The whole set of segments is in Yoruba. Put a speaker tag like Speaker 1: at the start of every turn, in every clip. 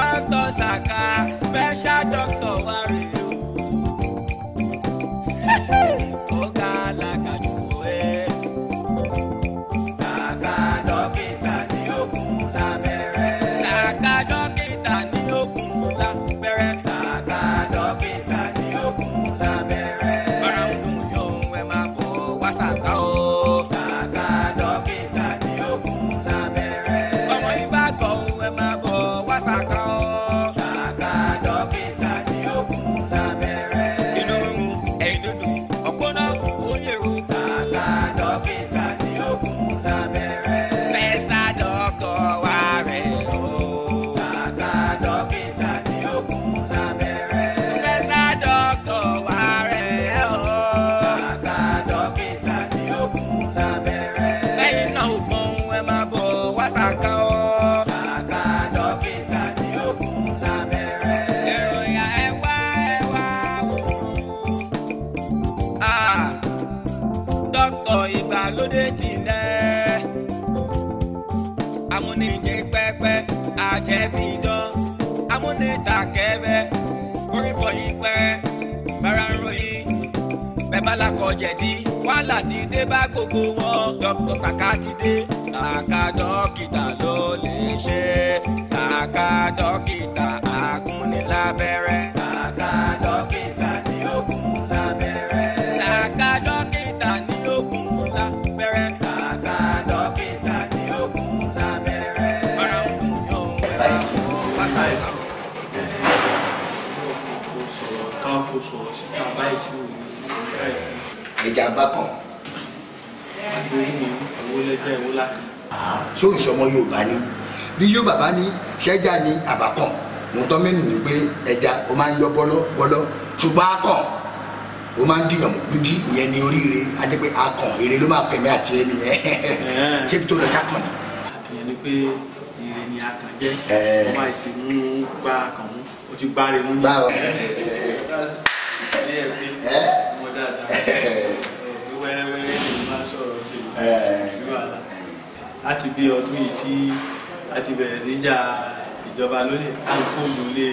Speaker 1: doctor saka special doctor warrior. àkọjẹ̀dí wàhálà ti dé bá gbogbo wọn dr saka ti dé saka dókítà ló lè ṣe saka dókítà agúnnilábẹ́rẹ́.
Speaker 2: ṣé òun sọmọ Yorùbá ni bí Yorùbá bá ní
Speaker 3: ṣẹjá ni àbákàn mọtọ mẹnu ni pé ẹja o máa ń yọ bọlọ bọlọ ṣùgbọ́n akàn ó máa ń dìyàn mú gbígí ìyẹn ní oríire adé pé akàn èrè ló máa pẹmí àti ẹni yẹn ṣé tó lọ sákàn ni.
Speaker 2: ìyẹn ni pé èrè ni akàn jẹ ọmọ àti mú gbá akàn mú o ti gbá rẹ mú ní. báwo ẹ ẹ ẹ ẹ wẹrẹwẹrẹ ni mo máa sọ̀rọ̀ ṣe láti bí ọdún yìí tí a ti bẹ̀rẹ̀ sí jà ìjọba lónìí táǹkó lólè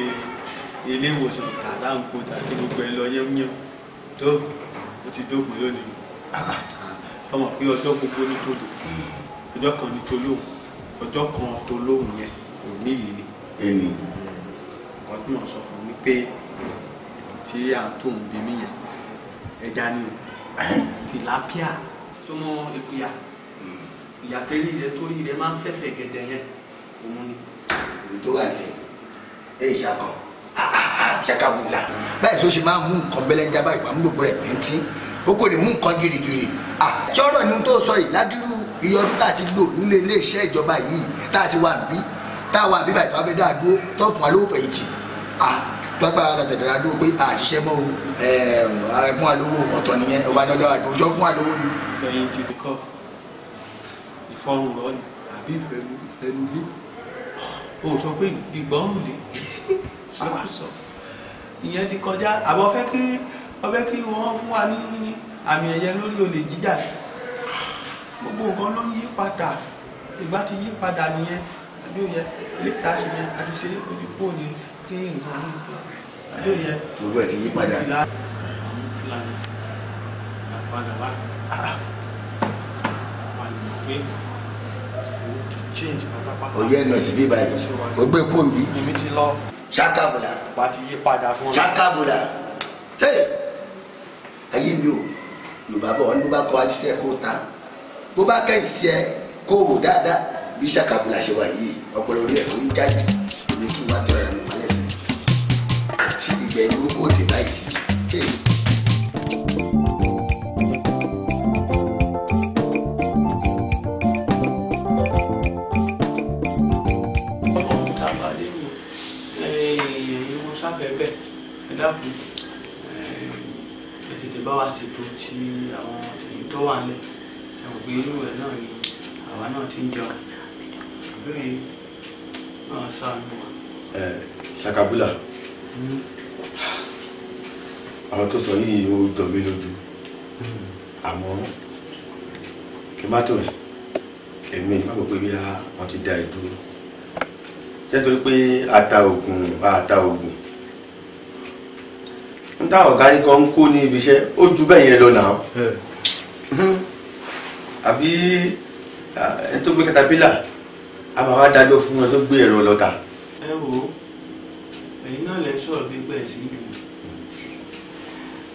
Speaker 2: ilé ìwòsàn tà táǹkó tàbí gbogbo ẹ lọ yẹ́múyẹ́mú tó o ti dógùn lónìí ọmọ pé ọjọ́ gbogbo ní tòló ọjọ́ kan ní tòló ọjọ́ kan tòló yẹn òní yìí ni. ẹnì kan tí mo sọ fún mi pé tí à tó
Speaker 4: ń bí mi yẹn ẹja ni o tìlápíà tó mọ ìpìyà
Speaker 2: ìyàtẹ̀lẹ̀ yẹn tó yìí rẹ̀ máa ń fẹ́fẹ́ gẹ̀dẹ̀ yẹn òun ni. èyí tó wà lẹ ẹ ìṣàkàn
Speaker 3: ah, ah, ah, ṣàkàbùlà báyìí tó ṣe máa mú nǹkan bẹ́lẹ́ńjà báyìí wà mú gbogbo rẹ̀ pẹ́ntì ó kò ní mú nǹkan girigiri ṣọ́rọ̀ ni tó sọ yìí ládùúgbò iye ọdún tá a ti lò nílé iléeṣẹ́ ìjọba yìí tá a ti wà níbí tá a wà níbí báyìí tó wà bẹ́ẹ̀ dáa dúró tó fún wa lówó fẹ̀yìntì tọ́gbà dàdàdàdà dúró pé àṣìṣe mọ́ o
Speaker 2: fún wa lówó ọ̀tọ̀ nìyẹn ọba dọ́dọ́ àdójọ́ fún wa lówó ni. fẹ̀yìntì kọ́ fọrùn lọ ni àbí ìfẹnu ìfẹnu lé o sọ pé ìgbọ́n ò lè sọ ìyẹn ti kọjá àbọ̀ fẹ́ kí ọbẹ̀ kí wọ́n fún wa ní àmì ẹ̀yẹ lórí olè jíjà gbogbo nǹkan ló ń yí padà ìgbà ti yí padà nìyẹn àdó yẹ lẹ́tà sí yẹn àti ṣe ojú kó ní kí
Speaker 3: nǹkan ní àdó yẹ. gbogbo ẹ̀ ti yí padà. àwọn fúlàní
Speaker 2: òye ẹnu ẹsìn bí báyìí o gbé pọ́ǹbì ṣàkàbùlà ṣàkàbùlà
Speaker 3: ayé mi o yorùbá bọ̀ wọn ní bó bá kọ́ àṣìṣe kó ta bó bá kẹ́ ìṣe kó wò dáadáa bí ṣàkàbùlà ṣe wà yìí ọpọlọ orí ẹ̀ tó ń jáde ní kí wọ́n tẹ̀lé ẹ̀ ní wọ́n lẹ́sìn ṣe ìgbẹ́ ìlú kó dé báyìí.
Speaker 2: dákun ẹ tètè bá wa ṣètò ti àwọn èyí tó wà nílẹ̀ ṣe àwọn ògbé inú rẹ̀ náà ni àwa náà ti ń jẹun ìbéèrè náà ṣàánú wa. ẹ ṣàkàbúlà hmm. àwọn tó sọ yìí ó dọ̀ mí lójú àmọ́ kí má tó èmi ìgbà pé bí wọ́n ti da ìdúró ṣé torí pé ata oògùn bá ata oògùn tá ọ̀gá yín kan ń kó ní ibi iṣẹ́ ó ju bẹ́ẹ̀ yẹn lọ náà hmm. àbí ẹni tó gbé katapila a máa wá dájọ́ fún ẹni tó gbé ẹ̀rọ lọ́ta. ẹ wo ẹ̀yin náà lè sọ̀rọ̀ gbígbẹ́ ẹ̀ sí ìlú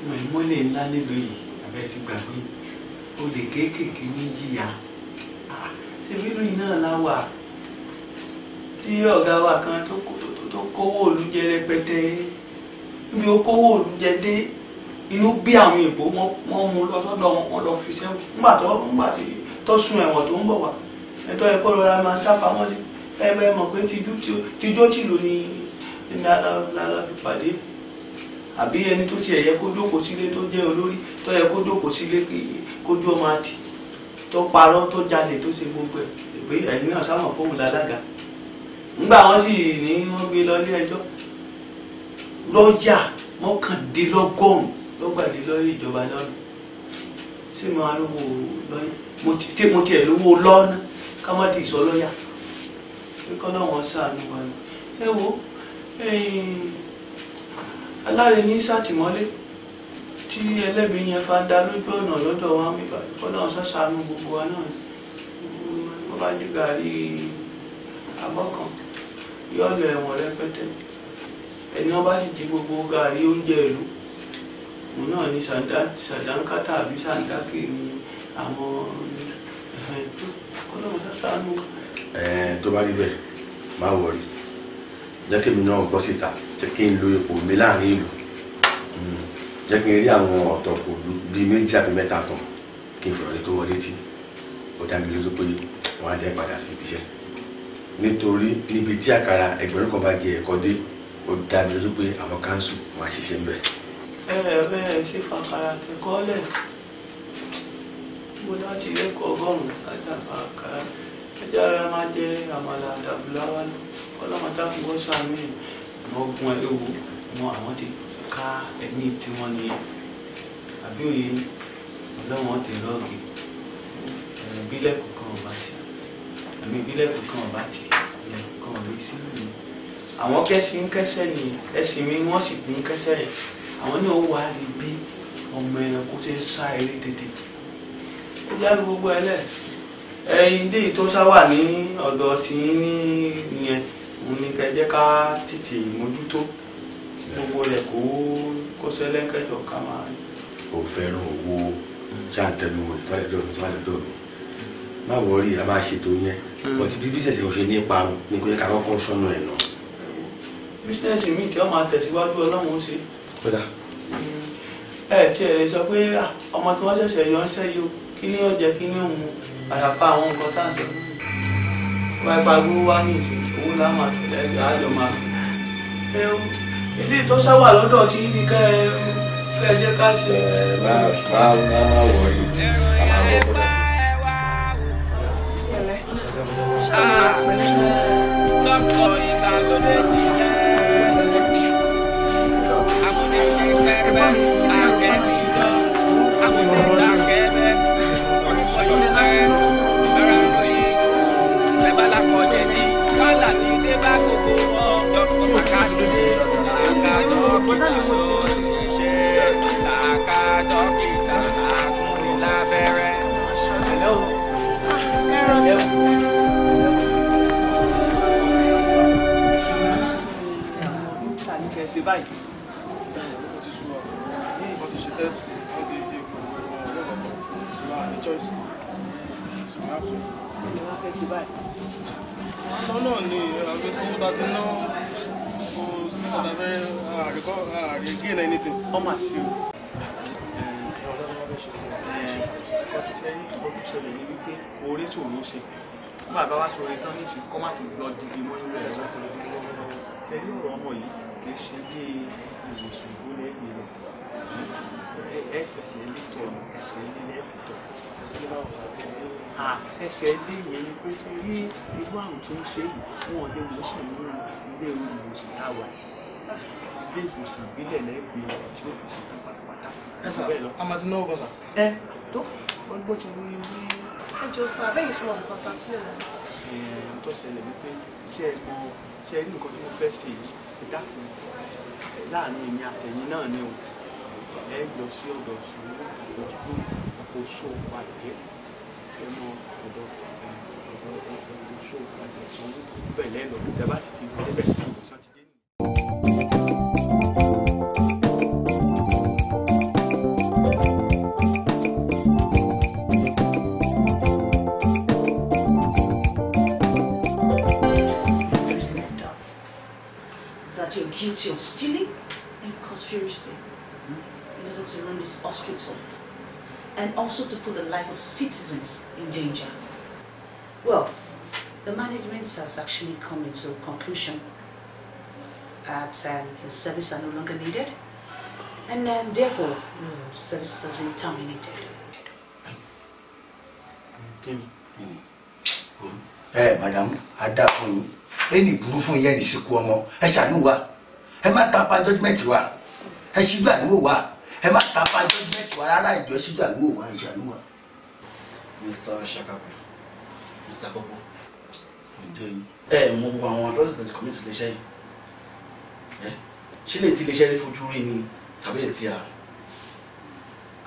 Speaker 2: ìmọ̀ ìmọ̀lẹ̀ ńlá nílùú yìí àbẹ̀ ti gbàgbé olè kéékèèké ní jìyà ṣé bílù yìí náà la tí ọ̀gá wa kan tó kówó olú rẹpẹtẹ ibi okòwò oúnjẹ dé inú bí àwọn èèbó wọ́n mú lọ sọ́dọ̀ wọn lọ fi sẹ́wọ̀n nígbà tó nígbà tó sun ẹ̀wọ̀n tó ń bọ̀ wá ẹ̀tọ́ ẹ̀kọ́ lọ́ra máa sá pamọ́ sí ẹgbẹ́ mọ̀ pé tijó tìlù ni lára fi pàdé àbí ẹni tó tiẹ̀ yẹ kó jókòó sílé tó jẹ́ olórí tó yẹ kó jókòó sílé kójú ọmọ àti tó parọ́ tó jalè tó ṣe gbogbo ẹ̀ pé ẹ̀yin náà sáwọn fóun lálága ńgbà wọ́n sì ní wọ́n gbé lọ ilé ẹjọ́ lọ́ọ̀yà mọ́kàndínlọ́gọ́rùn lọ́gbàdé lọ́yà ìjọba lọ́nà ṣé mo arúgbó lọ́yà mo ti tí mo tiẹ̀ lówó lọ́nà ká má ti sọ lọ́yà kíkọ́ náà wọ́n ṣàánú wa ni ẹ wo aláàrẹ ní sátìmọ́lé tí ẹlẹ́bi yẹn fa da lójú ọ̀nà lọ́dọ̀ wa mi bá kíkọ́ náà ṣàṣàánú gbogbo wa náà ni wọ́n bá jẹ́ gàrí abọ́kan yọ̀ọ́ lọ ẹ̀wọ̀n rẹpẹtẹ ẹni wọn bá sì jí gbogbo gàrí oúnjẹ ìlú òun náà ni ṣàdánkátà àbí ṣàǹdákè ni àwọn ọlọ́run sàánú. tó bá rí bẹ́ẹ̀ má wọrí jẹ́ kí mi náà gbọ́ síta jẹ́ kí n lo ipò mi láàrin ìlú hmm, jẹ́ kí n rí àwọn ọ̀tọ̀ kò lu bíi méjì àbí mẹ́ta kan kí n fọ̀rọ̀ lè tó wọlé tí ó dá mi lójú pé wọ́n á dẹ́ padà sí ibi iṣẹ́ nítorí níbi tí àkàrà ẹgbẹ̀rún kan bá jẹ ẹ̀kọ́ dé o dá mi lójú pé àwọn káńsù máa ṣiṣẹ́ bẹ́ẹ̀. bẹ́ẹ̀ bẹ́ẹ̀ ṣe fàkàrà kẹ́kọ́ọ́lẹ̀ mo láti lẹ́kọ̀ọ́ ọgọ́rùn-ún láti àkàrà ẹjọ́ rẹ máa jẹ́ àmàlà àdàbùláwá ọlọ́mọdé àfọwọ́ sàmì ọgbọ́n ewu mọ àwọn ti ká ẹni tí wọ́n ní àbí òye ọlọ́wọ́n ti lọ́ọ̀gì ìbílẹ̀ kọ̀ọ̀kan ọ̀bá ti àmì ìbílẹ̀ kọ̀ọ̀kan ọ̀bá ti ìbílẹ̀ kọ̀ọ̀kan ọ̀bá ti sílùú àwọn kẹ́sì ń kẹ́sẹ̀ ní ẹ̀sìn mi wọ́n sì ń kẹ́sẹ̀ yẹn àwọn náà wà á rí bí ọmọ ẹranko ṣe ń sá eré tètè ó jáde gbogbo ẹ lẹ ẹyin dé tó sá wà ní ọ̀dọ̀ tí ní yẹn òun ni kẹjẹ ká tètè mójútó gbogbo rẹ kó kó sẹlẹkẹjọ ká máa. o fẹ́ràn owó ṣàǹtẹnu tọ́lẹ̀dọ̀ mi tọ́lẹ̀dọ̀ mi má wọrí a máa ṣètò yẹn bọ́tí bíbí ṣẹ̀ṣẹ̀ ò ṣe ní parun ní kò yẹ ká kọ́kọ́ sọ́nà ẹ̀ náà bísínẹ́sì mi tí wọ́n máa tẹ̀síwájú ọlọ́run ṣe. ẹ tiẹ̀ lè sọ pé ọmọ tí wọ́n ṣẹ̀ṣẹ̀ yọ ń sẹ́yọ kí ni ó kí ni ó mu àwọn nǹkan tá à ń sọ wáyé pariwo wá ní ìsìn owó là máa tún àjọ máa fi. ilé tó sáwà lọ́dọ̀
Speaker 1: tí ní ká ẹ ká ẹ jẹ́ ká ṣe. ẹ máa a máa ìgbàlódé ti dẹ́. akẹ́bẹ́ àjẹ́ ìṣúná àwòdì ìta akẹ́bẹ́ orúkọ yóò pẹ́ lára ọ̀rọ̀ yìí bẹ́ẹ̀ bá lákọ̀ débi kọ́là tí dé bá gbogbo wọn dọ́kun sàkátìdé sàkádọ́kítà lórí iṣẹ́ sàkádọ́kítà akúnnilábẹ́rẹ́.
Speaker 2: ọ mà ṣe o. orí tí òun ṣe nígbà bá wá sórí tán níṣì kọ́ má tún lọ dìde mọ́ inú ẹ̀sà kò lè dúró ṣe ní ọ̀rọ̀ ọmọ yìí kì í ṣe bí ìwòsàn ìgbóná ẹ̀mí lọ ẹ fẹsẹ̀ ilé tọ̀ ẹsẹ̀ ilé lẹ́ẹ̀kú tọ̀ ẹsẹ̀ ilé yẹn ni pé rí irú àrùn tó ń ṣe yìí fún ọdẹ wòsàn ní ilé ìwòsàn táwa yìí ilé ìwòsàn ìbílẹ̀ lẹ́gbẹ̀ẹ́ tí ó fi ṣètò pátápátá. ẹ sà a máa ti náwó gan sà. ẹ tó wọn gbọ́ ti wí wí. ẹ jọ sá abẹ́yìn tí wọn nǹkan kan sílẹ̀ lọ́wọ́ sá. ẹ ń tó ṣẹlẹ̀ wípé iṣẹ́ mo ṣe rí nǹkan tí mo fẹ́ ṣe ìdákùn láàrin èmi àtẹ̀yìn náà ni o ẹ lọ sí ọ̀dọ̀ sí ojúgbó oṣù pàdé sẹ́nu ọ̀dọ̀ ọ̀dọ̀ oṣù pàdé sanwó bẹ̀lẹ́ lọ
Speaker 5: guilty of stealing and conspiracy in order to run this hospital and also to put the life of citizens in danger. Well, the management has actually come into conclusion that um, your services are no longer needed and um, therefore your service has been terminated. Okay. Hmm.
Speaker 2: Eh, madam, a dá fún yín, lẹ́yìn ìbúrú ní sìnkú I ẹ no wa. ẹ má tapa judgement wa ẹ ṣígbà níwò wa ẹ má tapa judgement wa rárá ìjọ ṣígbà níwò wa ìṣàánú wa. Mr. Shakabu Mr. Bobo ẹ mọ gbogbo àwọn atrocities that commit iléeṣẹ́ yìí ṣe lè ti iléeṣẹ́ rí fojú rí ni tàbí lè ti àrùn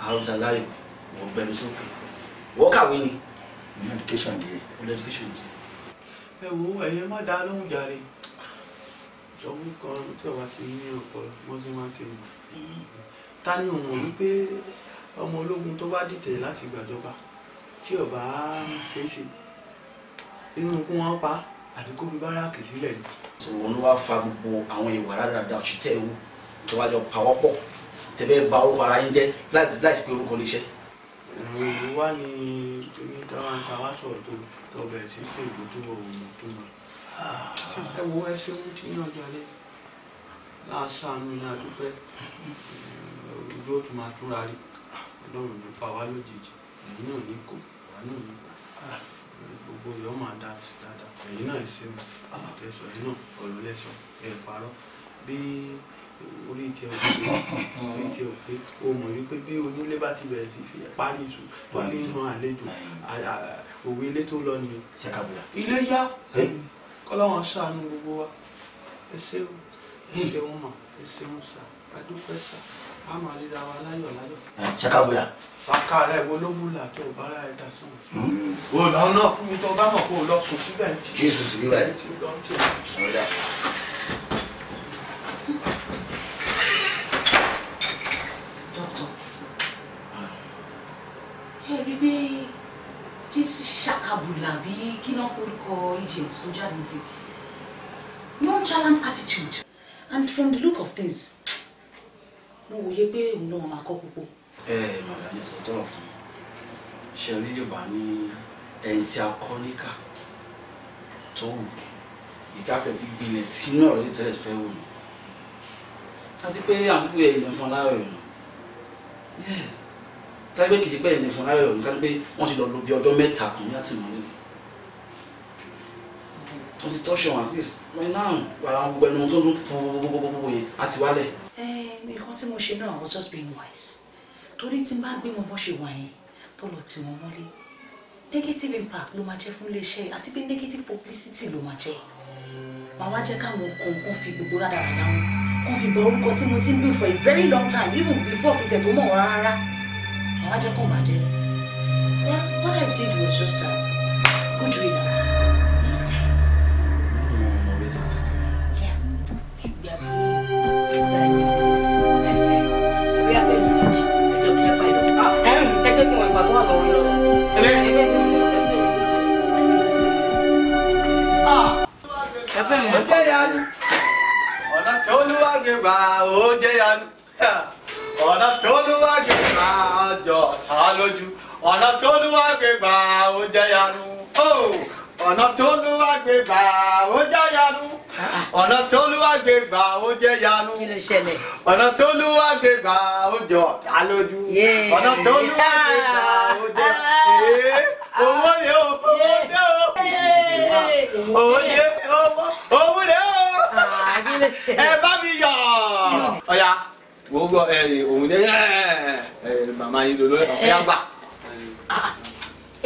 Speaker 2: àrùn tà láyò wọ́n gbẹnu sókè wọ́n kàwé ni. education díẹ̀. education díẹ̀. ẹ wo ẹ̀yin má dá lóhùn jàre ṣọ́gun kan tí ọba ti ní ọpọlọ bó ṣe máa ṣe mọ̀ ta ni òun hmm. wípé ọmọ ológun tó bá dìtẹ̀ láti gbàjọba tí ọba ṣe é ṣe inú kún wọn pa àbí kó fi báràkì sílẹ̀ ni. òun ló wá fa gbogbo àwọn ìwà rádaràda òṣìṣẹ́ ewu tó wá jọ pawọ́ pọ̀ ba orúkọ ara yín jẹ́ láti pé orúkọ iléeṣẹ́. ìròyìn wá ní oníkàwá ń ta wá sọ̀rọ̀ tó tọbẹ̀ ṣíṣe ìlú tó òun tó mọ̀ ẹ wo ẹ ṣe ohun tí yín ọjọ́ lé láàṣàánú yín adúpẹ́ ojú ó tún máa túnra rí ọlọ́run ní pa wá lójijì èyí náà ní kò wá náà ní kò gbogbo yóò máa dá sí dáadáa èyí náà ṣe mọ àtẹsọ yìí náà ọ̀rọ̀ lẹ́sọ ẹ̀ bí orí tí o pé orí tí o pé o mọ̀ wípé bí onílé bá ti bẹ̀rẹ̀ sí fi parí ìṣù tó fi ń han àlejò òwe ilé tó lọ nìyẹn ilé yá kọ́láwọn ṣàánú gbogbo wa ẹ ṣeun ẹ ṣeun mà ẹ ṣeun sà adúpẹ́ sà á máa ríra wa láyọ̀ láyọ̀. ṣàkàbọ̀yà. sàkàrà ìwo ló bùlà tó o bára ẹ dà sóhun. o lọ náà fún mi tó bá mọ̀ kó o lọ sùn síbẹ̀ ń tì. kí èsì sì rí báyìí. ọ̀dà.
Speaker 5: ẹ rí bí tí ṣàkàbùlà bí kí náà orúkọ idiot tó jáde ń nonchalant attitude and from the look of things mo wòye pé òun náà máa kọ́ púpọ̀.
Speaker 2: ẹ ẹ màdàmí ẹ sọ tọrọ fún mi ṣe rí yorùbá ní ẹni tí a kọ́ níkà tó wù ìkáfẹ́ ti gbilẹ̀ sínú ọ̀rọ̀ yìí tẹ́lẹ̀ fẹ́ wù mí àti pé àmúgbé ilẹ̀ ń fọn láàrin yes kágbé kìí pẹ́ ẹ̀mí fún aráyọ̀ ní kágbé wọ́n ti lọ lo bí ọjọ́ mẹ́ta kan ní àtìmọ́lé wọ́n ti tọ́ṣọ̀ wọn at least right wàrà wọn gbẹnu tó dún gbogbogbogbogbò yẹn àti wálẹ̀.
Speaker 5: ẹ nǹkan tí mo ṣe náà was just being wise torí tí n bá gbé wọn bọ́ ṣe wà yẹn tó lọ tì wọ́n mọ́lé negative impact ló máa jẹ́ fún iléeṣẹ́ àti pé negative publicity ló máa jẹ́ màá wá jẹ́ káwọn kọ̀ọ̀kan fi gbogbo rádaràdà wọn kó fi bọ orúkọ tí mo ti ń build for a very long time even before kìtẹ̀ tó mọ̀ rárá wá jẹ́ kó bàjẹ́ then what I did was just a good riddance. Mm, mm, mm,
Speaker 1: ó jẹ́ yanu
Speaker 2: ọ̀nà tó olúwàgbé bá ó jẹ́ Yeah ọ̀nà
Speaker 3: t'Olúwa gbé gbà
Speaker 2: ọjọ́ ọ̀tá lójú ọ̀nà t'Olúwa gbé gbà ó jẹ́
Speaker 3: yanu ọ̀nà t'Olúwa gbé gbà ó jẹ́ yanu ọ̀nà t'Olúwa gbé gbà ó jẹ́ yanu ọ̀nà t'Olúwa gbé gbà ó jẹ́ ọ̀tá lójú ọ̀nà t'Olúwa gbé gbà ó jẹ́ ee ah. owó ni
Speaker 1: o owó ni o
Speaker 4: owó ni o owó ni
Speaker 1: o ẹ bá mi yọ̀
Speaker 2: ọ̀ya gbogbo òun ní màmá yín lolo ọ̀pẹ́ àgbà.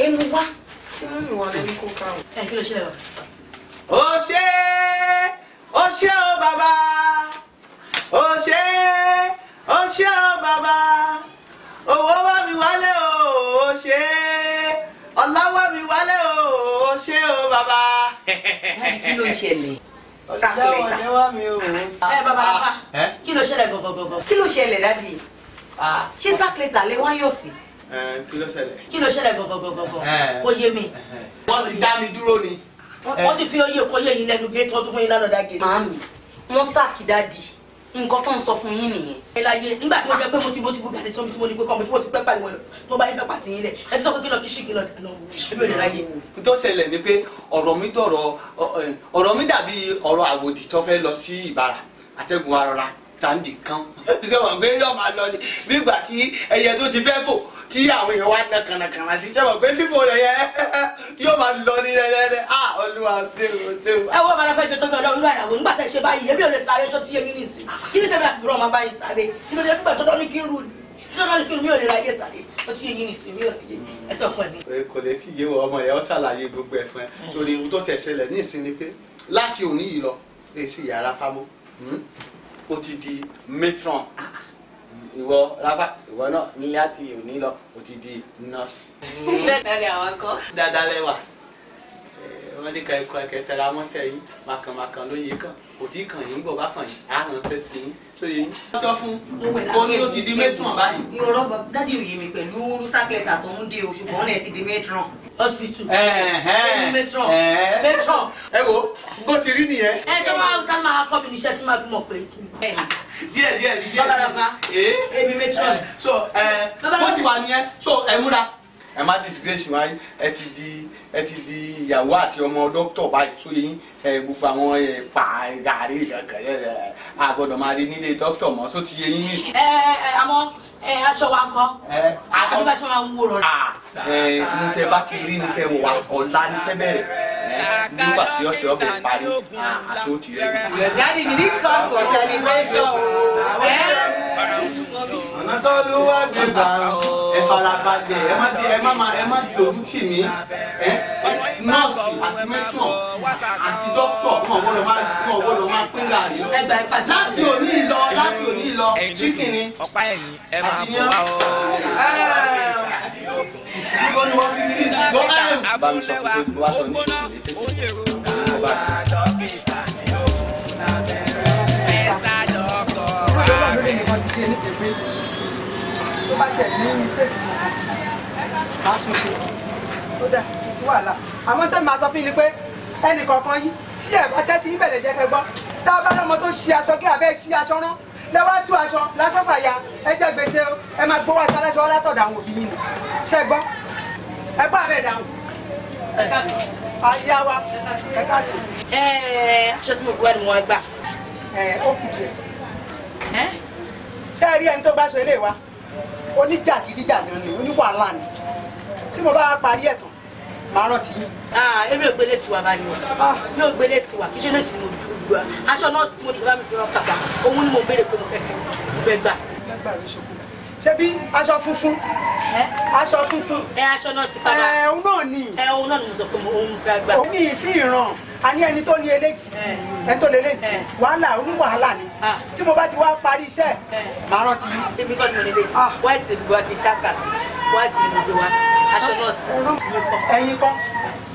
Speaker 2: ẹnu wá ẹnu wà lẹ́nu kó o. ẹ kí ó ṣe ó ṣe ó bàbá ó ṣe ó ṣe ó bàbá owó wá mi wálé o ó ṣe ọlá wá mi wálé o ó ṣe ó bàbá.
Speaker 5: kí ló ń ṣẹlẹ̀ calculator. ẹ babalapa ah, eh? kí ló ṣẹlẹ̀ gọgọgọgọ kí ló ṣẹlẹ̀ dádì ah, ṣé calculator lè wá yọ sí.
Speaker 2: Eh, kí ló ṣẹlẹ̀.
Speaker 5: kí ló ṣẹlẹ̀ gọgọgọgọ eh. kò yé mi. wọ́n ti dá mi dúró ni. wọ́n ti fi oyè kó yé yín lẹ́nu géètì wọ́n tún fún yín lánàá dá géètì. màámi wọ́n sáàkì dádì nǹkan tó ń sọ fún yín nìyẹn. ẹ láyé nígbà tí mo jẹ pé mo ti mo ti bu gàdí sọmi tí mo ní pé kọ́ mo ti mo ti pẹ́ pariwo lọ tó bá yín fẹ́ pàtì yín lẹ̀ ẹ ti sọ pé kí lọ kí ṣìkì lọ dáná èmi ò lè láyé.
Speaker 2: tó ṣẹlẹ̀ ni pé ọ̀rọ̀ mi dọ̀rọ̀ ọ̀rọ̀ mi dàbí ọ̀rọ̀ àwòdì tó fẹ́ lọ sí ìbára àtẹ̀gùn arọra tàǹdì kan ṣé pé yóò máa lọ ni nígbà tí ẹyẹ tó ti fẹ́ fò tí àwọn èèyàn wá na kànàkànà sí ṣé pé fífò rẹ yẹ yóò máa lọ ní rẹrẹrẹ à olúwa ṣéwò ṣéwò. ẹ wọ́n máa fẹ́ jọ tọ́jú ọlọ́run láì àwọn nígbà tẹ̀ báyìí èmi ò lè sáré tó ti yé mi ní ìsìn kí ni tẹ̀lé àfihàn máa bá sáré kí ló dé nígbà tó dọ́ni kí n rù ní
Speaker 5: kí ló dọ́ni kí n mi ò lè ráyè sáré tó ti yé yín ní ìsìn
Speaker 2: mi ò ó ti di matron ìwọ rafa ìwọ náà nílé àti òní lọ ó ti di nurse.
Speaker 5: bẹ́ẹ̀ ni àwọn kọ́.
Speaker 2: dáadáa lẹ́wà wọ́n ní ka ikọ̀ ẹ̀kẹ́ tẹ̀ra mọ́sẹ̀ yín màkànmàkàn ló yẹ kàn òtí kàn yín gbọ̀ bá kàn yín àrùn ṣẹ́sìn yín ṣòye yín. wọ́n sọ fún kó ní ó ti di matron báyìí.
Speaker 5: ìrọ̀rọ̀ dádì òye mi pẹ̀lú rúsákẹ́tà tó ń dé oṣù kan náà ti di matron hospital. ẹ̀ẹ́n
Speaker 2: matron matron. ẹ wo bó ti rí nìyẹn. ẹ tó máa ń ká máa kọ́ mi níṣẹ́ tí máa fi mọ̀ pé. díẹ̀ díẹ̀ díẹ̀. bọ́lá rafa èmi matron. so bó ti wà nìyẹn so ẹ múra ẹ má disgrace wáyé ẹ ti di ẹ ti di ìyàwó àti ọmọ dókítà báyìí tó yín ẹ gbogbo àwọn ẹ pa gàrí kankan ẹ àgbọ́dọ̀ máa rí nílé dókítà mọ́ tó ti yé yín nìsín.
Speaker 5: ẹ ẹ àmọ́ ẹ aṣọ wa kọ àti bá ṣe máa ń wò lọ.
Speaker 2: ẹ ní tẹ bá ti rí ní kẹ wà ọ̀la ní sẹ́bẹ̀rẹ̀ nígbà tí ọ̀sẹ̀ ọbẹ̀ parí àti ó ti rẹ̀ ní. dáàdi ní
Speaker 4: discuss for celebration ẹ. ọ̀nà tó
Speaker 2: ló wá gbé bá ẹ farabalẹ̀ ẹ má di ẹ má ma ẹ má di ojú tì mí ẹ nọ́ọ̀sì àti mẹ́tọ̀ àti dókítọ̀ kàn gbọ́dọ̀ má kàn gbọ́dọ̀ má pín gàrí. láti òní lọ láti òní lọ chicken ni. ọ̀pá ẹ̀yìn ẹ̀ má àbúwá o. abúlé wa ó gbóná ó yèrò sáà.
Speaker 3: tó bá tiẹ̀ ní mistake kan á tún ṣe
Speaker 2: tó dẹ̀ kì í sí wàhálà àmọ́ tẹ́ máa sọ fún yín ni pé ẹnì kọ̀ọ̀kan yín tí ẹ̀ bá tẹ́tí yín bẹ̀rẹ̀ jẹ́ kẹ́ gbọ́ tá a bá lọ́mọ tó ṣe aṣọ kí abẹ́ ṣí aṣọ rán lẹ́wọ́n tú aṣọ láṣọ fàyà ẹ jẹ́ gbèsè o
Speaker 1: ẹ máa gbowó aṣọ aláṣọ látọ̀dọ̀ àwọn òbí yìí ni ṣe gbọ́ ẹ gbọ́ àbẹ̀ dàrú. àyà wa ẹ ká sí. ẹ ẹ aṣọ tí mo gbọ́ ni mo gbà.
Speaker 2: ẹ ó kù díẹ̀. ṣé ẹ rí ẹni tó bá sọ eléyìí wa oníjàgídíjàgan ni oníwàhálà ni tí mo bá parí ẹ̀ tán máa
Speaker 5: rántí yín. Ah, èmi ò gbélé tiwa báyìí o ah. mi ò gbélé tiwa kí ṣe náà mo dúró gbúra aṣọ nọ́ọ̀sì tí mo ní kí mi fi rán kàkà òun ni mo béèrè pé mo fẹ́ kí mo fẹ́ gbà.
Speaker 1: lágbàá ló ṣokùn
Speaker 5: ṣebí
Speaker 2: aṣọ funfun aṣọ funfun ẹ aṣọ náà sì kábà ẹ òun náà ni ẹ òun náà ni mo sọ pé òun fẹ́ gbà. òun yìí sí ìran a ní ẹni tó ní eléyìí ẹni tó lélẹ̀ wàhálà oníwàhálà ni tí mo bá ti wá parí iṣẹ́ màá rántí. èmi kọ́ ni mo lè lè wáìtì lè gbogbo àti ṣáàkà wáìtì lè gbogbo wa aṣọ náà sì mi kọ́. ẹ̀yin kan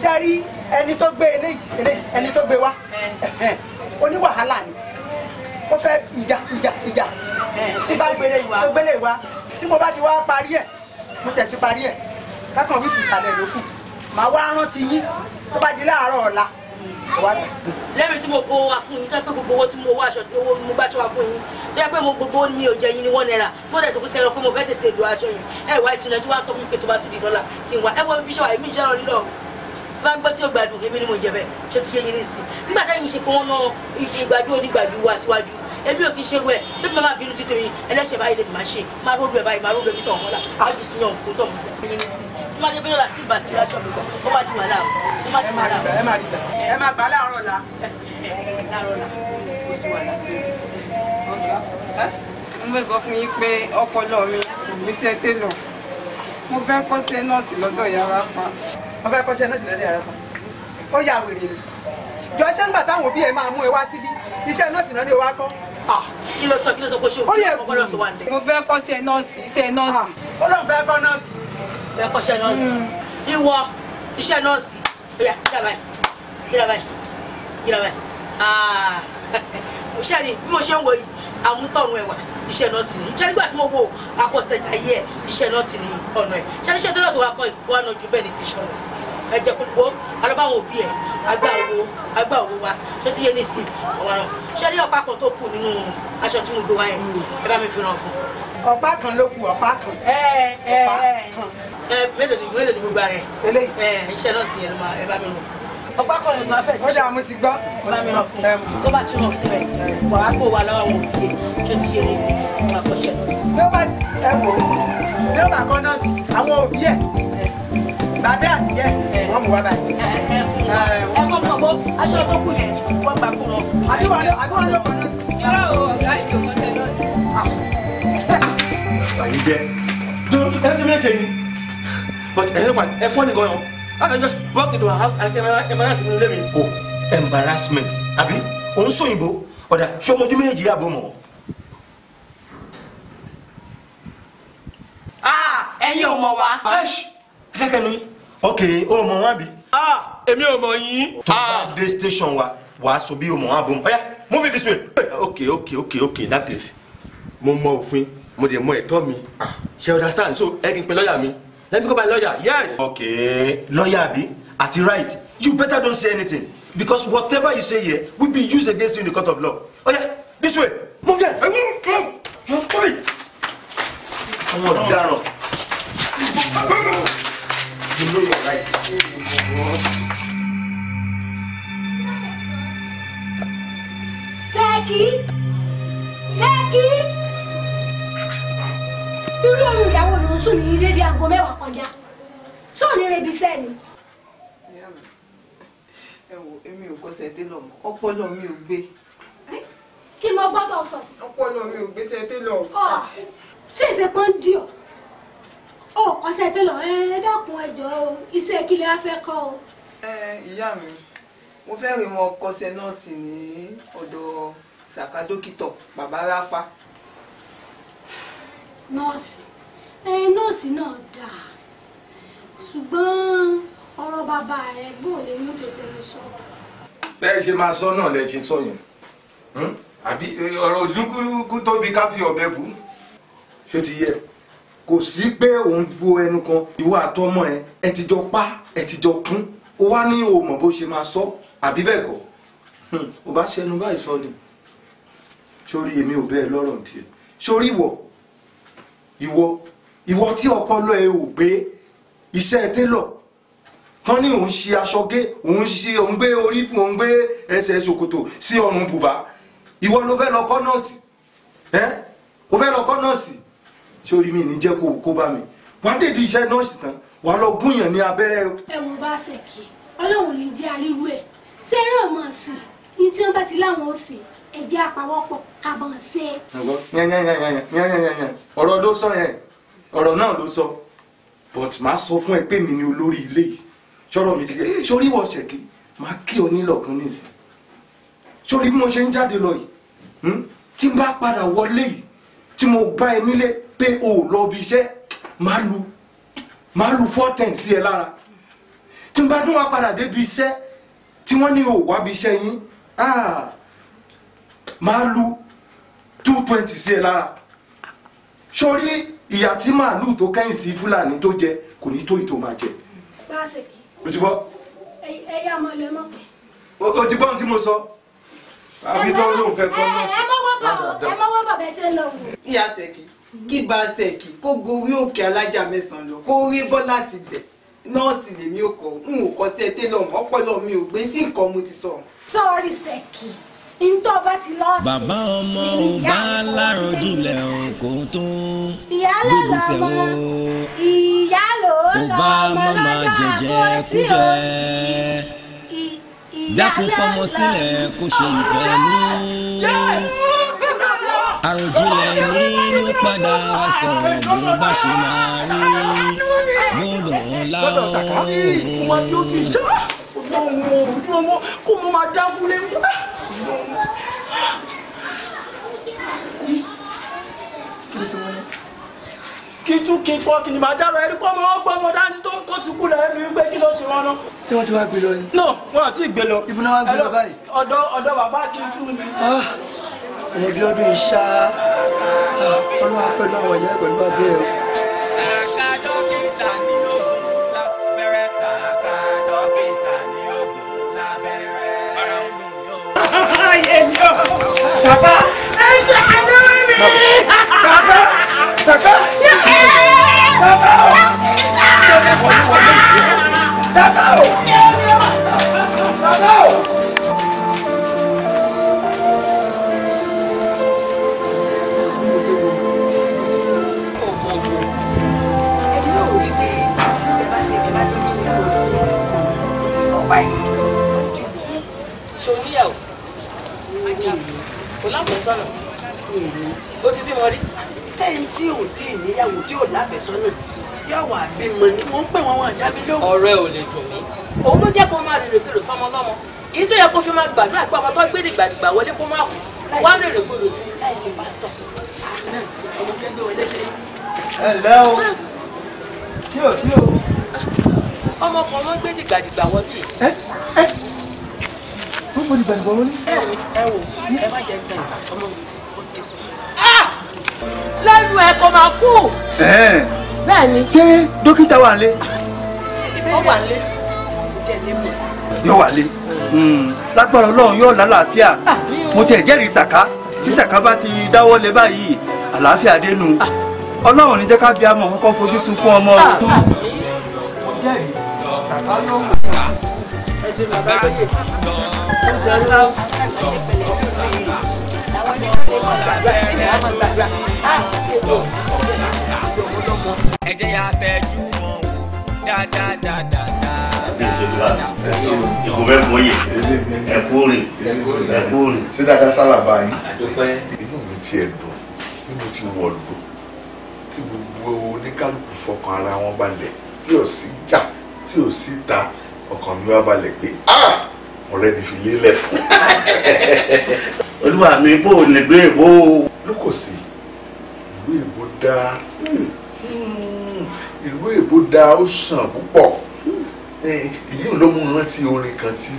Speaker 2: ṣe rí ẹni tó gbé eléyìí ẹni tó gbé wa oníwàhálà ni ó fẹ́ ìjà ìjà ìjà tí bá gbélé ìwà tí mo bá ti wá parí ẹ̀ mo tẹ̀ ti parí ẹ̀ kákan wípé ìsàlẹ̀ yòókù màá wá rántí yín tó bá di láàárọ̀ ọ̀la lẹ́mi tí mo kó wa fún yín tó yẹ pé gbogbo
Speaker 5: owó tí mo wá aṣọ tí owó mo gbàṣọ wa fún yín tó yẹ pé mo gbogbo mi ò yín ní wọ́n náírà mo dẹ̀ sọ pé kẹrọ pé mo fẹ́ tètè lo aṣọ yẹn ẹ wá ìtúnyẹn tí wọ́n sọ fún mi pé tó bá tún di dọ́là kí n wá ẹ wọ ibi iṣẹ́ bá gbọ́ tí ó gbàdùn èmi ni mo jẹ bẹ́ẹ̀ ṣé ti yé yín nísìn nígbà táyì mi ṣe pé wọ́n ná ìgbàjú onígbàjú wá síwájú èmi ò kì í ṣe wẹ̀ tó fi máa bínú títò yín ẹlẹ́ṣẹ̀ báyìí lè máa ṣe máa rólu ẹ̀ báyìí máa rólu ẹ̀mí tọ̀hún mọ́lá àájú sí yan òkú tọ̀hún
Speaker 4: èmi ní sí tí máa dé bẹ́ẹ̀ láti ìgbà tí lájọ́ mi kọ́ ó má di
Speaker 1: wàhálà ó má di wàhálà. ẹ má dìgbà ẹ má gbà láàárọ̀ la. láàárọ̀ la kò sí wàhálà.
Speaker 2: mo fẹ́ sọ fún yín pé ọpọlọ mi kò gbéṣẹ́ télọ̀ mo fẹ́ kọ́ṣẹ́ nọ́ọ̀sì lọ́dọ̀ yàrá pa wọ́n fẹ́ kọ́ṣẹ́ nọ́ọ̀sì lọ́dẹ̀ àràfà ó yà wèrè mi jọ iṣẹ́ ńgbà táwọn òbí ẹ̀ máa mú ẹ wá síbí iṣẹ́ nọ́ọ̀sì lọ́dẹ̀ wa kọ́. kí ló sọ kí ló sọ pé ṣé òbí ọkọ bọ́lọ̀ tó wà ní. mo fẹ́ kọ́ iṣẹ́ nọ́ọ̀sì iṣẹ́ nọ́ọ̀sì. ó lóun fẹ́ kọ́ nọ́ọ̀sì. fẹ́ kọ́ṣẹ́ nọ́ọ̀sì. Hmm. ìwọ iṣẹ́
Speaker 4: nọ́ọ̀sì.
Speaker 5: ìyá kílà báyìí kílà báyìí kílà báyìí iṣẹ́ ni bí mo ṣe ń wo àmútọ̀run ẹ̀wà iṣẹ́ nọ́ọ̀sì ni ṣé nígbà tí mo wo àkọsẹ̀jà yẹ iṣẹ́ nọ́ọ̀sì ni ọ̀nà ẹ̀ ṣé iṣẹ́ tó lọ́ọ̀ tó kọ́ ìwà ju bẹ́ẹ̀ ni fi ṣọ́nà ẹ̀jẹ̀ pípọ̀ ọlọ́bàwò bí ẹ̀ agbá owó agbá owó wa ṣé tí yé ní sí ọ̀wà rẹ̀ ṣé ní ọ̀pá kan tó kù nínú aṣọ tí mo gbé wá yẹn ẹ bá mi fi ràn fún. ọ̀pá kan ló kù ọ̀pá kan. ẹ ẹ ẹ mélòó ni mélòó ni gbogbo rẹ. eléyìí náà sì ẹ bá mi ràn fún. ọ̀pá kan ló máa fẹ́. ó dà mo ti gbọ́. ẹ bá mi ràn fún tó bá ti ràn fún ẹ wàá kó wa lọ́wọ́ wò ó ṣé tí yé ní sí ọ̀pá kan ṣẹ sí. bí ó bá ẹ wò
Speaker 1: bí ó bá kọ́ náà sí àwọn òbí ẹ̀ bàbá àtijọ́ wọ́n mú wá báyìí. ẹ kọ́ mọ̀ bó aṣọ tó kù yẹn wọ́n gbà kú wọn. àbí wọn ló àbí wọn ló mọ nọ́ọ̀sì. irọ́ o ọ̀gá ìjòkó ah. ṣe nọ́ọ̀sì.
Speaker 4: àyè jẹ
Speaker 2: ẹ ṣe mẹ́sẹ̀ ni but ẹ wà ẹ fọ́ nìkan yẹn I can just walk into her house and embarrass me lẹ́mi. o oh, embarrassment àbí òun sún ìbò ọ̀dà ṣọmọdún méjì yà bọ́ mọ́.
Speaker 1: ah ẹ̀yin ò mọ̀ wá akẹ́kẹ́ ni.
Speaker 2: ok o mọ̀ wọn bi. ah èmi ò mọ̀ yín. tó bá dé station wa wàá sọ bí o mọ̀ wọn bò ń bọ́yá move it this way. ok ok ok ok in that case mo mọ òfin mo dẹ̀ mọ ẹ̀tọ́ mi ah, ṣe understand so ẹ kí n pe lọ́ọ̀yà mi let me go by lawyer yes. ok lawyer bi àti right you better don't say anything because whatever you say here will be used against you in the court of law
Speaker 1: oh yeah this way move there move move move move
Speaker 2: ọmọ ọ̀daràn. You know you're right.
Speaker 4: Saki! Saki! Irú ọ̀run ìyàwó ló ń sùn ní dédé aago mẹ́wàá kọjá. Sọ́ọ̀ ní rebi sẹ́ni.
Speaker 2: Ẹ wo, èmi ò kọ́sẹ̀ télọ̀ mọ́, ọpọlọ mi ò gbé
Speaker 4: kí mo gbọ́dọ̀ sọ. ọpọlọ mi ò gbèsè tí lọ. ọ ṣèṣe pọ́n dì ọ́ ò kọ́ṣẹ́ télọ̀ ẹ dákun ẹjọ́ o iṣẹ́ kí lè wá fẹ́ kọ́ o.
Speaker 2: ẹ ìyá mi mo fẹ́ rí wọn kọ́ṣẹ́ nọ́ọ̀sì ní ọ̀dọ̀ sàkà dókítọ̀ bàbá ráfá.
Speaker 4: nọ́ọ̀sì ẹ nọ́ọ̀sì náà dáa ṣùgbọ́n ọ̀rọ̀ bàbá rẹ̀ gbòòlè ló ṣẹ̀ṣẹ̀ lọ sọ.
Speaker 2: bẹ́ẹ̀ ṣe máa sọ náà lẹ ṣe sọ yẹn hmm? àbí ọ̀rọ̀ òdúnkúrúkú tóbi ká fi ọ̀bẹ bù ṣó ti yẹ kò sí pé òun fo ẹnu kan ìwọ àtọmọ ẹ ẹ ti jọ pa ẹ ti jọ kún ó wá ní o mọ̀ bó ṣe máa sọ àbí bẹ́ẹ̀ kọ́ ò hmm, bá ṣẹnu báyìí sọ ni sórí èmi ò bẹ́ẹ̀ lọ́rọ̀ tiẹ̀ sórí ìwọ ìwọ ìwọ tí ọpọlọ ẹ ò gbé iṣẹ́ télọ̀ tán ní òun ṣe aṣọ gé òun ṣe òun gbé orí fún òun gbé ẹsẹ̀ ṣòkòtò sí ọrùn bùbá ìwọ ló fẹ́ lọ kọ́ nọ́ọ̀sì ẹ́ o fẹ́ lọ kọ́ nọ́ọ̀sì sórí mi ní jẹ́ kó kó bá mi wà á dèdè iṣẹ́ nọ́ọ̀sì tán wà á lọ gúnyàn ní abẹ́rẹ́.
Speaker 4: ẹ wo bá ṣe kí ọlọ́run ní jẹ́ àríwú ẹ̀ ṣé eré ọmọ sí i ní tí wọ́n bá ti láwọn ó sè àpawọ́pọ̀ kàbọ̀n ṣe.
Speaker 2: ọ̀rọ̀ ló sọ yẹn ọ̀rọ̀ náà ló sọ but màá sọ fún ẹ pé mi ni olórí ilé yìí sọ̀rọ̀ mi ti yẹ sórí ìwọ ṣẹ̀kí màá kí ọ nílọ̀kan nísìn sórí bí mo ṣe ń jáde lọ yìí hmm, tí n bá padà wọlé yìí tí mo bá ẹ nílé pé o ò lọ bí iṣẹ́ máa lu máa lu four ten sí ẹ lára tí n bá dún wa padà débi iṣẹ́ tí wọ́n ní o ò wá bí iṣẹ́ yín ah, máa lu two twenty sí ẹ lára sórí ìyà tí màálù tó kẹ́yìn sí fúlàní tó jẹ kò ní tó ìtò máa jẹ. o ti gbọ́.
Speaker 4: ẹ ọmọ ilé mọ̀ pé.
Speaker 2: o ti gbọ́ ohun tí mo sọ.
Speaker 4: àbí tó ń lóun
Speaker 2: fẹ́ kọ́ nọ́ọ̀sì. ẹ mọ́wọ́ bọ̀ ẹ
Speaker 4: mọ́wọ́ bọ̀ bẹ́ẹ̀ ṣe lọ
Speaker 2: ìyá ṣe kí Baseki kó gorí òkè alájà mẹ́sàn-án lọ kó rí bọ́ láti bẹ̀ nọ́ọ̀sì lèmi ò kọ́ n ò kọ́ tí ẹ tẹ́lọ̀ mọ́ ọpọlọ mi ò gbé tí nǹkan mo ti sọ.
Speaker 4: sọ́ọ́rì Sẹ́kì ntọ́ bá ti lọ́ọ̀sì. bàbá ọmọ ò bá lárùn jùlẹ̀ kò tún gbèbùsẹ̀ o. ìyá ló lọ́mọ lọ́jọ́ kó sí o. ò bá mọ́mọ́ jẹjẹ kújẹ. dákun fọmọ sílẹ̀ kó ṣe ìfẹ́ ní.
Speaker 1: àròjinlẹ̀ ní padà wá sọ̀rọ̀ bó bá ṣe máa rí lọ́dọ̀ ọ̀la ọ̀hún.
Speaker 2: kó mo máa dákúlé kìtúkì pọ̀ kì ní máa dárò ẹni pọ́ mọ́ ọgbọ́n ọmọ dání tó ti kú lẹ́yìn fi gbé kí ló ṣe wọn náà. ṣé wọ́n ti wá gbé lọ ni. no wọn àti ìgbé lọ. ibùdó wa gbé lọ báyìí. ọ̀dọ̀ ọ̀dọ̀ bàbá kìtú ni. Ah ẹ̀yẹ bí ọdún ìṣá ọlọ́wà pẹ̀lú àwọn ìyá pẹ̀lú bàbá ẹ̀.
Speaker 1: Bàbá! Ẹ ṣe àdúrà Bàbá! Bàbá! Bàbá! Bàbá!
Speaker 4: Bàbá! Bàbá!
Speaker 2: láfẹ́sọ́nà ó ti bímọ rí. sẹ́yìn tí ò tí ì níyàwó tí ò láfẹ́sọ́nà yóò wà bímọ ni mo ń pè wọ́n wọn àjábí lóhùn. ọ̀rẹ́ ò lè dùn mí òun ló jẹ́ kó máa rèrè kèrò sọmọ lọ́mọ èyí tó yẹ kó fi máa gbàdúrà pé ọmọ tó gbé dìgbàdìgbà wọlé kó má kú wá rèrè kèrò sí. láì ṣe pásítọ̀ ọmọ kẹgbẹ́ wọlé dé. ẹ ǹlẹ́ o kí o sí o. Ah, ọmọ kan ló gbé dìgbàdìgbà wọlé. ẹ ẹ wọ́n gbọ́dọ̀ ìgbà ìgbà wọlé. ẹ wò ẹ má jẹ gbà ọmọ ó ti kú. Ah! lẹ́nu ẹ̀ kò máa kú. bẹ́ẹ̀ ni. ṣé dókítà wà lé. ó wà lé yóò wà lé hmm. lágbára ọlọ́run yóò lálàáfíà ah, mo tiẹ̀ jẹ́rìí sàká tí sàká bá ti dáwọ́ lé báyìí àlàáfíà dénú ah. ọlọ́run ní jẹ́ ká bí amọ̀ kọ́kọ́ fojú sunkún ọmọ ọdún.
Speaker 1: ẹ ṣe a lóye ẹ̀jẹ̀ yà tẹ̀jú mọ́ wò dáadáadáadáa. ẹ̀sùn ìgò fẹ́ mọ yẹ ẹ̀kú
Speaker 2: rìn ẹ̀kú rìn. sí dáadáa sálábà yìí inú mi tiẹ̀ dùn bí mo ti wọ̀lú tí gbogbo oníkálukú fọkàn ara wọn balẹ̀ tí ò sí jà tí ò sí ta ọkàn mi wá balẹ̀ pé ah ọ̀rẹ́ ti fi lélẹ̀ fún. olúwa mi bò ní ìlú èbó. lókòsí ìlú èbó dáa ìlú èbó dáa ó sàn púpọ̀ èyí ló mú rántí orin kan tí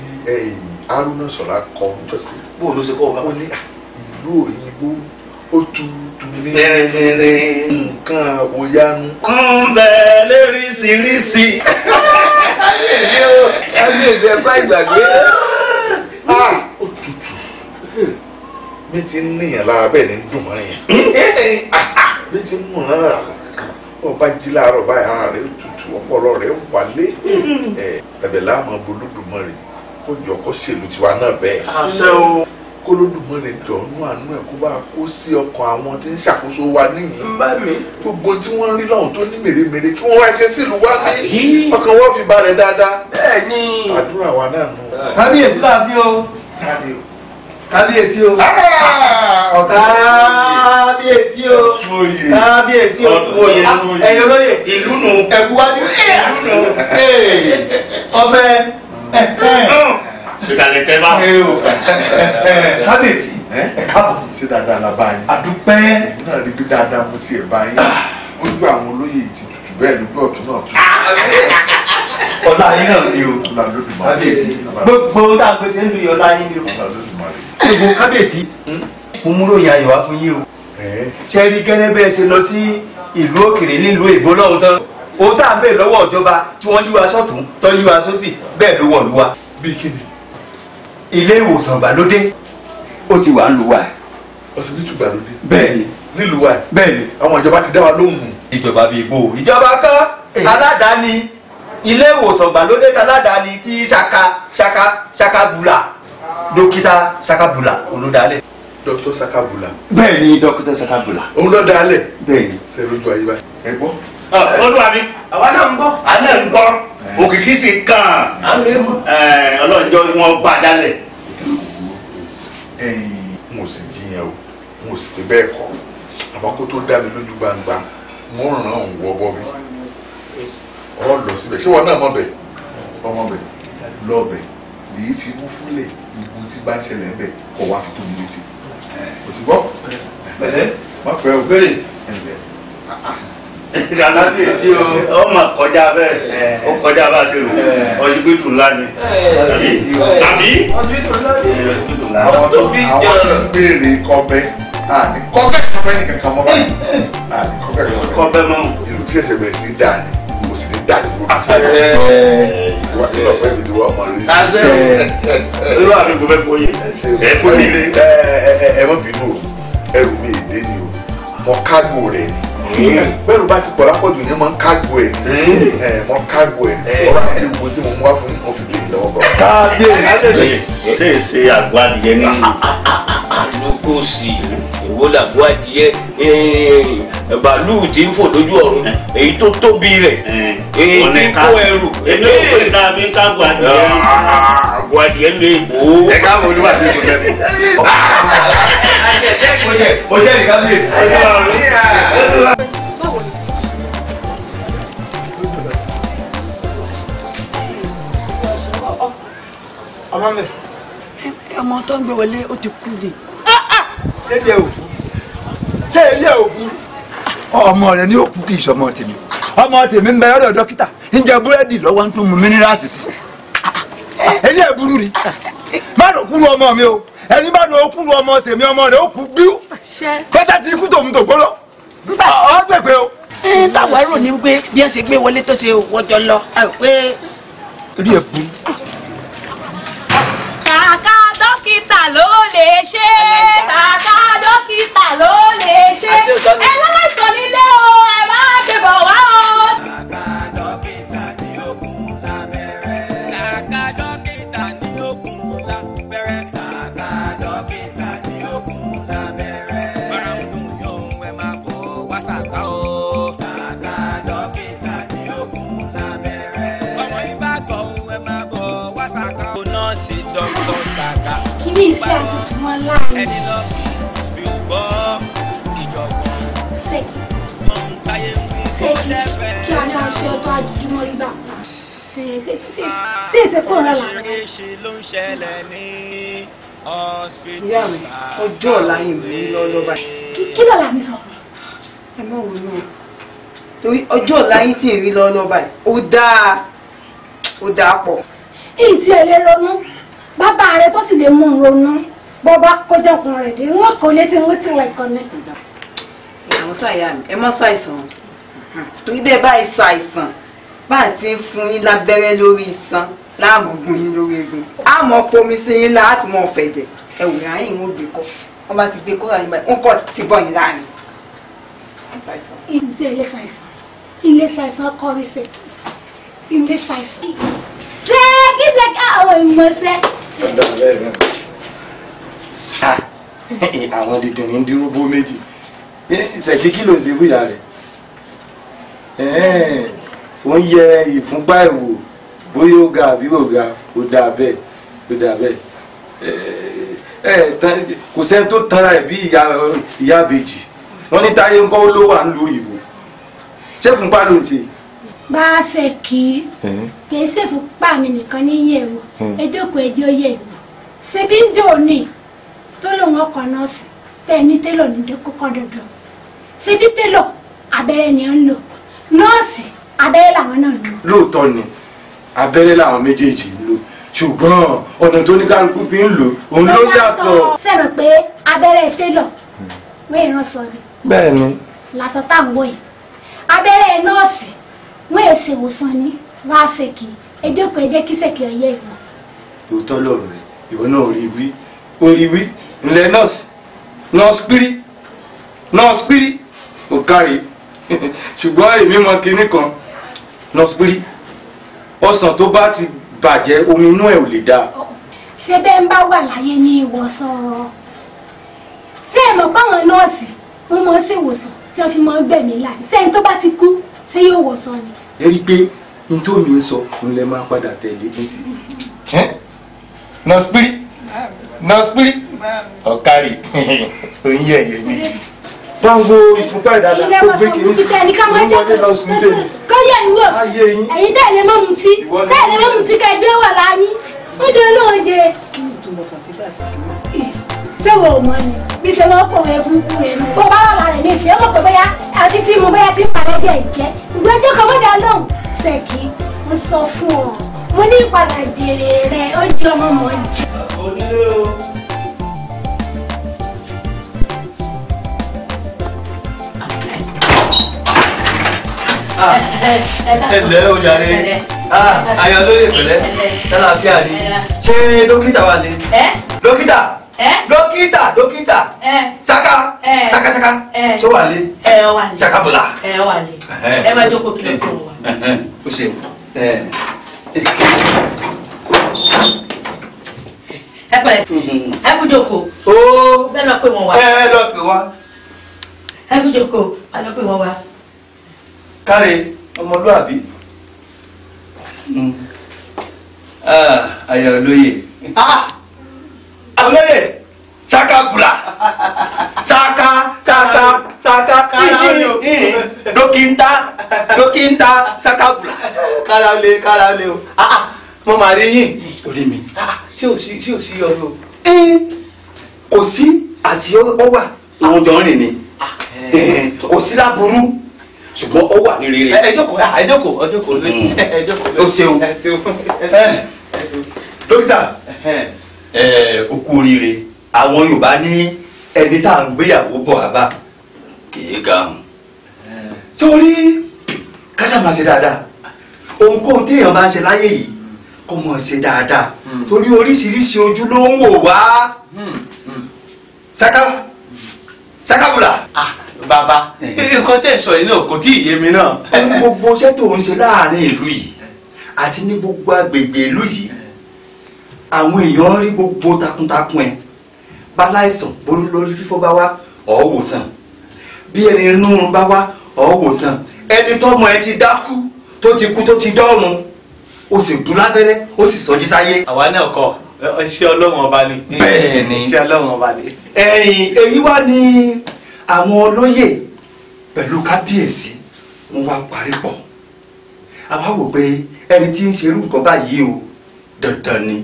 Speaker 2: Haruna Sọlá kọ níjọ́sí. bó o ló ṣe kọ́ ọ bá wọn. Ah, ìlú òyìnbó ó tutù ní fẹ́rẹ́fẹ́rẹ́ nǹkan àwòyanu. ń bẹ lóríṣiríṣi. kábíyèsí o ìgbàgbé. Ah, ah, ó tutù mi ti ń níyàn lára bẹ́ẹ̀ ni ń dùn mọ́ yẹn eh, ah, mi ti mú lára bọ́ọ̀ bá jí láàárọ̀ báyìí ara rẹ̀ ó tutù ọpọlọ rẹ̀ ó wálé eh, ẹ̀bẹ̀ láàmú Olódùmarè kó jọ kó ṣèlú tiwa náà bẹ́ẹ̀ kólódùmọ̀rẹ̀ dọ̀ọ́nú àánú ẹ̀ kó bá kó sí ọkàn àwọn tí ń ṣàkóso wa nìyí. gbogbo tí wọ́n rí lọ́hùn tó ní mèremère kí wọ́n wá ṣe sílùú wá ní ọkàn wọn fi balẹ̀ dáadáa. bẹ́ẹ̀ ni àdúrà wa náà nù. kábíyèsí láàfin o kábíyèsí o ah! kábíyèsí o kábíyèsí o ẹ̀yin olóyè ìlú nù ẹ̀kú wájú ìlú nù ọ̀fẹ́ ìkàlẹ̀ tẹ́ bá. kábíyèsí ẹ káàbọ̀. ṣé dáadáa la bá yín. àdúpẹ́. èmi náà rí bí dáadáa mo tiẹ̀ bá yín. Ah! ó gbé àwọn olóyè ti tutù bẹ́ẹ̀ lójú ọ̀tún náà tutù. Ah! ọlá yín náà ni o. ọlá lódì máa rí. kábíyèsí gbogbo tá a gbèsè ń lu ọlá yín ni o. ọlá lódì máa rí. gbogbo kábíyèsí hmm? mo múrò yàn ayọ̀ wá fún yín o. ṣe rí gẹ́lẹ́ bẹ́ẹ̀ ṣe lọ sí ìlú òkèrè nílùú ègbó ilé ìwòsàn ìgbàlódé ó ti wà ń lu wa. ọsibítù ìgbàlódé. bẹ́ẹ̀ni. nílùú wa. bẹ́ẹ̀ni. àwọn ìjọba ti dá wa lóhùn. ìjọba bíi bò ìjọba kan aládàáni ilé ìwòsàn ìgbàlódé aládàáni ti ṣaka ṣaka ṣakabula dókítà ṣakabula olùdálẹ̀ dókítà sakabula. bẹ́ẹ̀ni dókítà sakabula. òun ló dalẹ. bẹ́ẹ̀ni. sẹlójú ayé bá. ẹ gbọ́. ọdún ah, àmì. àwa náà ń gbọ́. àwa náà ń gbọ́. Eh. òkìkí sì kàn eh, ọlọ́njọ́ wọn bá dálẹ̀. mo sì jiyàn o mo sì pé bẹ́ẹ̀ kọ́ àmọ́ kó tó dá mi lójú gbangba mo ràn án
Speaker 3: wọ bọ́ mi ọ lọ síbẹ̀ ṣé wọn náà mọ̀ bẹ̀ ọmọ
Speaker 2: bẹ̀ lọ bẹ̀ lèyí fi kú fúlẹ̀ gbogbo tí bá ń ṣẹlẹ̀ bẹ̀ kọ̀ wá fi tó létí o ti gbọ́ má pẹ́ o bẹ̀rẹ̀ kàbíyèsí o ọ mà kọjá bẹ́ẹ̀ ó kọjá bá a ṣe rò eh. ọsibítù ńlá ni tàbí eh. ọsibítù ńlá ni àwọn tó fi jẹun àwọn tó ń béèrè kọbẹ àní kọbẹ kọbẹ ní kankan mọ báyìí àní kọbẹ kọbẹ kọbẹ mọ ìlú tí ẹsẹ bẹ́ẹ̀ sí dáa ni mo sì ní dáa ni mo sì ní dáa ni wọn ní lọpẹ ibi tí wọn mọ rí sí. zero àmì gbọmẹ bóyè ẹ kó nílé. ẹ ẹ ẹ mọ bínú ẹrù mi èdè ni o mọ kágò rẹ ni bẹ́ẹ̀rù bá ti pọ̀ lápọ̀jù yẹn máa ń kágbó ẹ̀ mọ́ hmm. kágbó ẹ̀ ọba eh. sì lè wo tí mo mú wá fún òfin lè lọ́wọ́ bọ̀. káàbíyèsí ṣe é ṣe àgbàdìyẹ nínú. àdúgbò sí ìwó làbó adìẹ bàálù tí ń fò lójú ọ̀run èyí tó tóbi rẹ̀ èyí tí kó ẹrù. èmi ò pè ká mi ká bu adìẹ.
Speaker 3: bu ah, adìẹ lè bò ó. ẹ ká mo olúwa tó tó bẹ́ẹ̀.
Speaker 2: mo jẹ́ ní kábíyèsí. ọmọ mi ọmọ tó ń gbé wọlé ó ti kú ni. ṣé ilé òkú ṣé ilé ọmọ rẹ ni òkú kì í ṣọmọ tèmi ọmọ tèmi ń bẹ ọ̀dọ̀ dókítà ń jẹ búrẹ́dì lọ́wọ́ ń tún mu mínírààsì sí ẹni ẹ burú ni má ló kúrú ọmọ mi o ẹni má ló kúrú ọmọ tèmi ọmọ rẹ ó kú gbíú bẹ́tà ti kú tòun tó gbọ́dọ̀ ọ gbẹ̀gbẹ̀ o. táwa rò ní pé bí ẹ ṣe gbé wọlé tó ṣe wọjọ lọ pé. rí ẹ burú.
Speaker 4: sàkà dókítà ló lè ṣe tàkà dókítà ló lè ṣe ẹ lọ́lá ìsọ̀nílé o ẹ má
Speaker 1: gbé wá o. bá
Speaker 4: wọn
Speaker 1: ẹni lọ́ọ̀kì mi ò gbọ́
Speaker 4: ìjọ̀gbọ́n wọn ń
Speaker 1: táyé ń wí fún ẹ̀fẹ̀ kí a ní aṣọ ọtọ
Speaker 4: àjùjúmọ́ rí bá sí èsè kúrò lára rẹ. ṣe
Speaker 1: ló ń ṣẹlẹ̀ ní hospital. ìyá mi ọjọ́ ọ̀la yìí mi lọ lọ́ba.
Speaker 4: kí lọ́la mi sọ. ẹ má wo inú
Speaker 2: torí ọjọ́ ọ̀la yìí tí rí lọ́ọ́ lọ́ba dáa ó dáa pọ̀.
Speaker 4: èyí tí ẹ lè ronú bàbá rẹ tó sì lè mú un ronú bọ́ bá kọjá ọkùn rẹ̀ dé wọ́n kò létí wọ́n ti wà ìkànnì.
Speaker 5: ìyàwó sáyà mi ẹ má ṣàìsàn
Speaker 2: torí bẹ́ẹ̀ báyìí ṣàìsàn bá a ti ń fún yín lábẹ́rẹ́ lórí iṣan láàmú gun yín lórí egun àmọ́ fomi sí yín láti mọ̀ fẹ̀jẹ̀ ẹ wò ráyè wọn ò gbé kọ́ wọn bá ti gbé kọ́ ráyè báyìí wọn kọ́ ti bọ̀ yín láàrin.
Speaker 4: ǹjẹ́ ilé ṣàìsàn ilé ṣàìsàn kọ́ mi ṣe ilé ṣàìsàn ṣé kí ṣe ká àwọn ìmọ̀ ṣe.
Speaker 2: àwọn dídùn ní dúró bó méjì ṣèkí kí ló ń ṣe fúyà rẹ̀ ó ń yẹ ìfúnpá ìwò bóyá ó ga àbí ó ga ó dà bẹ́ẹ̀ ó dà bẹ́ẹ̀ kò sẹ́ni tó tanra ẹ̀ bí ìyá ìbejì wọ́n ní táyé ńkọ́ ló wà ń lo òyìnbó ṣé fúnpá ló ń ṣe yìí
Speaker 4: bá a ṣe kì í kì í ṣe fúnpá mi nìkan ní yẹ̀ wò ẹjọ́kọ̀ ẹjọ́ yẹ̀ wò ṣebí ń dò ní tó lòun ọkọ̀ nọ́ọ̀sì tẹ́ ẹ télò ní kókó dandan ṣebí télò abẹ́rẹ́ ni ó ń lò nọ́ọ̀sì abẹ́rẹ́ làwọn náà ń lò.
Speaker 2: lóòótọ́ ni abẹ́rẹ́ làwọn méjèèjì ń lò ṣùgbọ́n ọ̀nà tó ní kálukú fi ń lò òun ló yàtọ̀.
Speaker 4: sẹ́mi pé abẹ́rẹ́ télò wẹ́ẹ̀rán sọ ni. bẹ́ẹ̀ ni. làṣọ táwọn wọ̀ abẹ́rẹ́ nọ́ọ̀sì wọ́n yẹ ṣe ìwòsàn ni wá ṣèkì ẹjọ́ kan ẹjẹ́ kí ṣèkì ọ̀yẹ́ ìwọ̀n.
Speaker 2: òótọ́ lọ̀rọ̀ rẹ̀ ìwọ náà rí wí ó rí wí ńlẹ̀ nọ́ọ̀sì nọ́ọ̀sì pírí nọ́ọ̀sì pírí ò kárí ṣùgbọ́n èmi mọ kinní kan nọ́ọ̀sì pírí ọsàn tó bá ti bàjẹ́ omi inú ẹ̀ ò lè dáa.
Speaker 4: ṣé bẹ́ẹ̀ ń bá wà láyé ní ìwòsàn ṣé ẹ mọ̀ páwọn nọ́ọ̀sì wọ́n mọ̀ ṣèwòsàn tí wọ́n fi mọ̀ gbẹ̀mí láì ṣẹ́yìn tó bá ti kú ṣé yóò wọ sàn ni.
Speaker 2: ẹ rí i pé n tó mi ń sọ òun lè máa padà tẹ̀lé ní ti. nọ́ọ̀sì pírí nọ́ọ̀sì pírí ọ̀kárì òun yẹ̀ yẹ̀ méjì báwo ìfúnpá ìdàdà tó gbé kiri sí ní wọlé lọ
Speaker 4: sùn tèmi. kọ́yà ìwọ ẹ̀yin tẹ́ ẹ̀ lè má mutí tẹ́ ẹ̀ lè má mutí kẹjọ́ wà láyé ó dé olóòjé.
Speaker 5: kí ni ìtumọ̀ sọ̀tí bá a
Speaker 4: sì kí wọ́n ṣé wo ò mọ ni bí ṣe wọ́n kọ̀wé burúkú rẹ̀ nù. bó bá wà lára mi ṣe é mọ̀ pé bóyá àti tí mo bóyá ti ń parẹ́ jẹ́ ìjẹ́ ìgbẹ́ tí kò mọ́dà lóhùn ṣèkì mo sọ fún ọ mo ní ìpadà jèrè rẹ ó jẹ ọmọ mọ̀ jù.
Speaker 1: Ah, ẹlẹ o jàre ah, lóye pẹ̀lẹ́ tálàfíà ni ṣé dókítà wà ní. dókítà. Eh? dókítà dókítà eh. Eh. saka saka saka tó wà lé saka bùlà ẹ bá jókòó kí ló tó
Speaker 2: wà. o ṣe ẹ pẹ̀lẹ́
Speaker 5: hmm, hmm, hmm. ẹ kú jókòó bẹ́ẹ̀ lọ pé wọn
Speaker 2: wá ẹ lọ pé wá
Speaker 5: ẹ kú jókòó bẹ́ẹ̀ lọ pé wọn wá.
Speaker 2: káre ọmọlúàbí àyà olóye. olóye saka bula saka saka saka dókítà eh, eh, eh. dókítà saka bula. kára le kára le o ah, ah. mo máa rí yín orí mi ah, ṣé o sí ṣé o sí ọdún. kò sí àti ó wà àwọn jọ ń rìn ni kò sí láburú ṣùgbọ́n ó wà ní rere. ẹ jókòó ẹ jókòó mm. ẹ jókòó ẹ jókòó. o ṣeun dókítà ẹ ó kú oríire àwọn yorùbá ní ẹni tá à ń gbéyàwó bọ̀ abá kìí gàmù torí kásámà ṣe dáadáa ohunkóhun téèyàn bá ń ṣe láyé yìí kó mọ̀ ṣe dáadáa hmm. torí oríṣiríṣi ojú ló ń wò wá saka hmm, hmm. sakabula. ah bàbá eh. nǹkan tẹ̀ sọ yìí náà kò tí ì yé mi náà. ẹni gbogbo iṣẹ́ tó ń ṣe láàrin ìlú yìí àti ní gbogbo agbègbè ìlú yìí àwọn èèyàn rí gbogbo takuntakun ẹ̀ báláìsàn borí lórí fífọ́ bá wá ọ̀ wòsàn bí ẹni inú bá wá ọ̀ wòsàn ẹni tọ́mọ ẹ ti dákú tó ti kú tó ti dọ́run ó sì gún lábẹ́rẹ́ ó sì sọjí sáyé. àwa náà kọ ṣé ọlọ́run ọba ni. bẹ́ẹ̀ni ṣé ọlọ́run ọba ni. ẹ̀yìn èyí wá ní àwọn olóyè pẹ̀lú kábíyèsí wọn wá parí pọ̀ àwa wò pé ẹni tí ń ṣerú nǹkan báyìí o dandan ni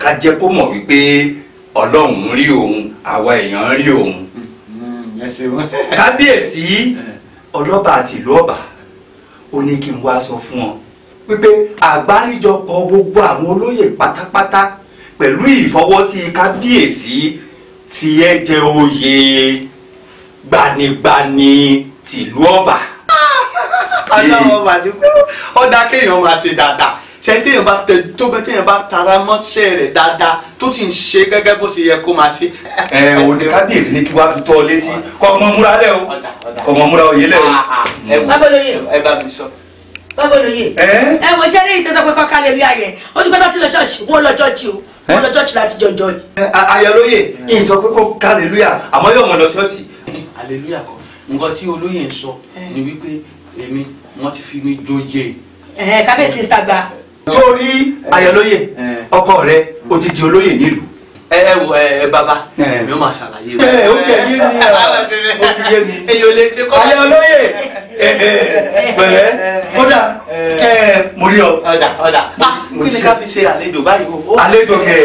Speaker 2: ká jẹ́ kó mọ̀ wípé ọlọ́run rí òun àwa èèyàn rí òun mm-hmm. kábíyèsí eh. ọlọ́ba àti ìlú ọba ó ní kí n wá sọ fún ọ wípé àgbáríjọpọ̀ gbogbo àwọn olóyè pátápátá pẹ̀lú ìfọwọ́sí kábíyèsí fi ẹ jẹ oyè gbanigbani tìlú ọba. ọlọ́run màdúgbò ọ̀dà kéèyàn máa ṣe dáadáa ṣe téèyàn bá tẹ tó bẹ téèyàn bá tara mọ́ṣẹ́ rẹ̀ dáadáa tó ti ń ṣe gẹ́gẹ́ bó ṣe yẹ kó máa ṣe. ẹ ò ní kábíyèsí ni kí wàá fi tọ́ ọ létí kọ́ ọmọ múra lẹ o kọ́ ọmọ múra òye lẹ o. Ah, ah, ah. bábọ́lóye ẹ bá mi sọ. bábọ́lóye ẹ wọ iṣẹ́ lẹ́yìn tẹ́sán pé kọ́ kálẹ̀ rí ayẹ ó ti gbọ́dọ̀ tí lọ ṣọ́ọ̀ṣì wọn lọ ṣọ́ọ̀ṣì o wọn lọ ṣọ́ọ̀ṣì láti jọjọ yìí. ayọ̀lóye kì í sọ pé kọ́ hallelujah àmọ́ yóò mọ̀ lọ ṣọ́ọ̀ṣì. hallelujah kọ nǹkan tí olóyè ń sọ ni wípé èmi wọ́n ti fi mi jóye. ẹ kábíyèsí ń tagbá torí ayọ̀lóye eh. ọkọ rẹ o ti di olóyè nílùú. ẹ eh, ẹ eh, wo ẹ bàbá mi ò máa ṣàlàyé. ẹ o kẹ yé mi o ti yé mi ayọ̀lóye pẹ̀lẹ́ kódà kẹ ẹ mo rí ọ. ọ̀dà ọ̀dà kí ni ká fi ṣe àlejò báyìí o. àlejò kẹ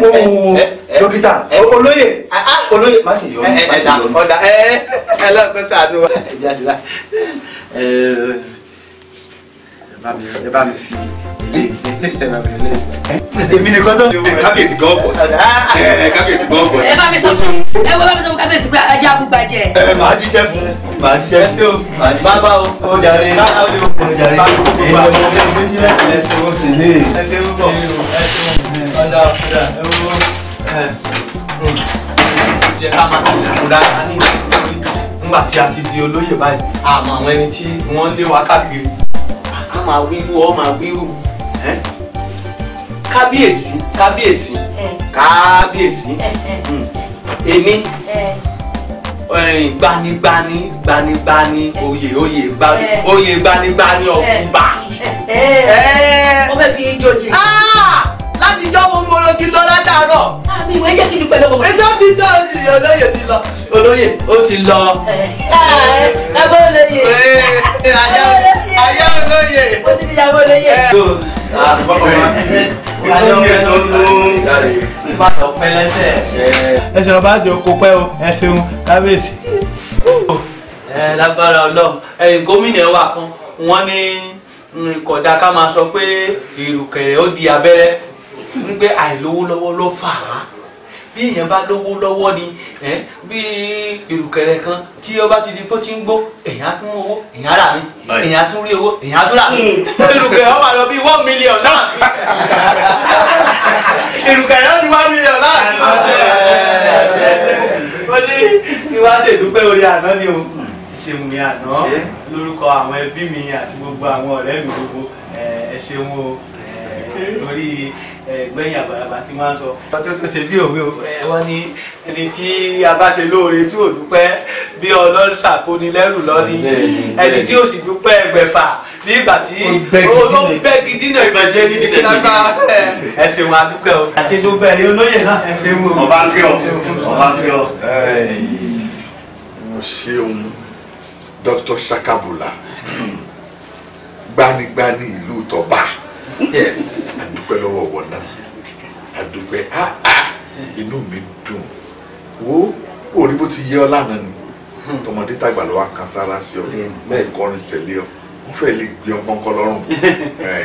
Speaker 2: kó wo dókítà olóyè ah, ah, olóyè má ṣe yọ má ṣe yọ. ọ̀dà ẹ ẹ lọ́kọ̀ sàánú wa. ẹ jẹ́ àṣìlá ẹ bá mi fi èmi nìkan tó kábíyèsí gan ọ̀pọ̀ sí ah, ah, ah. kábíyèsí gan ọ̀pọ̀ sí. ẹ bá mi sọ fún
Speaker 3: ẹ wọ́n bá mi sọ
Speaker 5: fún kábíyèsí pé ajá abúgbàjẹ.
Speaker 2: ẹ máa jíṣẹ́ fún máa jíṣẹ́ sí o máa jíṣẹ́ bá bá o o jàre bá o lè o jàre bá o lè o jàre bó ṣe lẹ ẹ ṣe o sì lè ẹ ṣe o bọ̀ ẹ ṣe o ọ̀dà ọ̀dà ẹ wo ẹ ẹ ká máa ọ̀dà nígbà tí a ti di olóyè báyìí àmọ́ àwọn ẹni tí wọ́n lé wa káàkiri máa wíwú ọ máa wíwú kábíyèsí kábíyèsí kábíyèsí hmm. èmi gbanigbani gbanigbani oyè oyè gbani oyè gbanigbani ọ̀gbà. ó fẹ́ fi joyè. Ah! láti jọ́ wo mo ti lọ látàárọ̀. àmì ìwé jẹ́ kí n dúpẹ́ lọ́wọ́. ètò ti tọ́ olóyè ti lọ olóyè ó ti lọ. ẹ bọ́ olóyè. ayé olóyè. ó ti fi yàgò olóyè. ẹ ah, ṣe ọba àti oko pẹ́ o ẹ ṣeun kábíyèsí. ẹ lágbára Ọlọ́run ẹ̀yin gómìnà wa kan wọ́n ní kódà ká máa sọ pé ìrùkẹ̀rẹ̀ ó di abẹ́rẹ́ ń gbé àìlówó lọ́wọ́ ló fà á bí èèyàn bá lówó lọ́wọ́ ni bí ìrùkẹ̀rẹ̀ kan tí ó bá ti di pé ó ti ń gbó èèyàn tún owó èèyàn rà mí èèyàn tún rí owó èèyàn tún rà mí hmm. ìrùkẹ̀rẹ̀ ó máa lọ bí one million náà ìrùkẹ̀rẹ̀ ó ti one million náà ó ní kí wá ṣèdúpẹ́ orí àná ni o ṣeun mi àná lórúkọ àwọn ẹbí mi àti gbogbo àwọn ọ̀rẹ́ mi gbogbo ẹ ṣeun o torí gbẹ̀yìn àgbàlagbà tí wọ́n á sọ. ọtọ́ tó ṣe bí òwe wọ́n ní ẹni tí a bá ṣe lóore tí ò dúpẹ́ bí ọlọ́sà kò ní lẹ́rù lọ́ní ẹni tí ò sì dúpẹ́ ẹgbẹ̀fà ní ìgbà tí ó bẹ́ gidi náà ìbàjẹ́ ní ibi lágbá ẹsẹ̀ wọn àdúgbò àti tó bẹ̀rẹ̀ olóyè náà ẹsẹ̀ wọn. ọba kí ọ ọba kí ọ. mo ṣeun Dr. Sakabula gbanigbani ìlú tọba yes adúpẹ́ lọ́wọ́ ọ̀wọ́ náà adúpẹ́ ah ah inú mi dùn wo orí bó ti yẹ ọ lánàá ni hmm. tọmọdé tàgbà ló wá kan sára sí ọ bẹ́ẹ̀ kọrin tẹ̀lé ọ wọ́n fẹ́ẹ́ lè gbé ọgbọ́n kọ lọ́rùn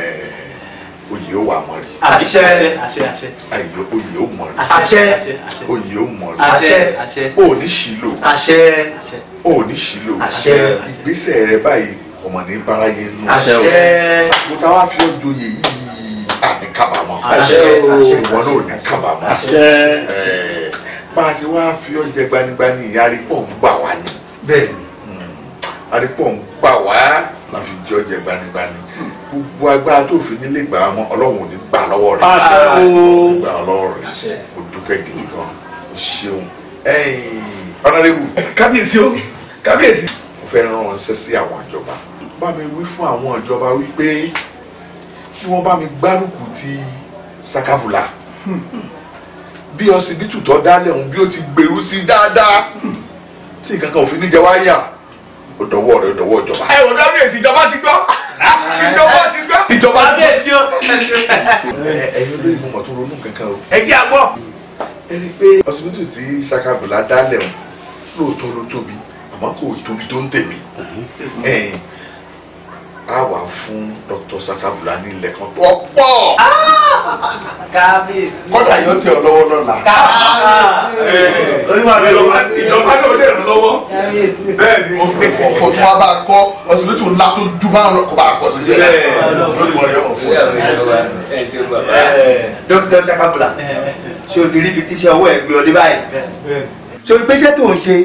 Speaker 2: oyè ó wà mọ́ rí. àṣẹ àṣẹ àṣẹ. ayò oyè ó mọ́ rí. àṣẹ oyè ó mọ́ rí. àṣẹ òní ṣìlò. àṣẹ òní ṣìlò. àṣẹ ìgbésẹ̀ rẹ báyìí ọmọ ní báráyé nù. àṣẹ
Speaker 3: mo ta wá fi ọjọ́ yè yìí
Speaker 2: àní kábàámọ̀. àṣẹ ìwọ náà ò ní kábàámọ̀. àṣẹ bá a ṣe wá fi ọjẹ gbanigbani ìyá arípọ̀ ń gbà wá ni. bẹ́ẹ̀ni hmm. arípọ̀ ń gbà wá la fi jẹ ọjẹ gbanigbani gbogbo agbára tó fi nílé gbà á mọ Ọlọ́run ò ní gbà lọ́wọ́ rẹ̀. àṣẹ
Speaker 1: ooo gbà lọ́wọ́ rẹ̀ o dúpẹ́ gidi gan o ṣeun
Speaker 2: ọ̀nàdébù. kábíyèsí o kábíyèsí. mo fẹ́ rán ọ ṣẹ́ àwọn ìjọba bá mi wí fún àwọn ìjọba wípé kí wọ́n bá mi gbárùkù ti sakabula bí ọsibítù tó dálẹ̀ ọ̀hún bí ó ti gbèrú sí dáadáa tí nǹkan kan òfin níjẹ wáyà ọ̀dọ̀wọ́ rẹ̀ ọ̀dọ̀wọ́ ìjọba. ẹ wò ó dábìlẹ̀ sí ìjọba ti gbọ́ ìjọba ti gbọ́ ìjọba ti gbọ́. ẹsẹ̀ ẹ̀yin olóyè mo mọ̀ tó ronú kankan o. ẹ jẹ́ àgbọ̀. ẹ rí pé ọsibítù tí sakabula dálẹ̀ ọ̀hún lóòótọ́ ló tóbi àmọ́ kò tóbi tó ń tèmi. Mhm a wà fún Dr. Sakabula ní ilẹ̀ kan
Speaker 1: tó pọ̀.
Speaker 2: kọ́dà yóò tẹ ọ lọ́wọ́ lọ́la. ìjọba yóò dẹ̀ lọ́wọ́. bẹ́ẹ̀ ni ọkọ̀ tó wá bá a kọ́ ọsibítù ńlá tó ju márùn kó bá a kọ́ sísẹ́ lórí wọlé ọmọ fún ọsibítù. Dr. Sakabula ṣé o ti rí ibi tíṣẹ́ ọwọ́ ẹ̀ gbé ọ dé báyìí ṣé o gbéṣẹ́ tó ń ṣe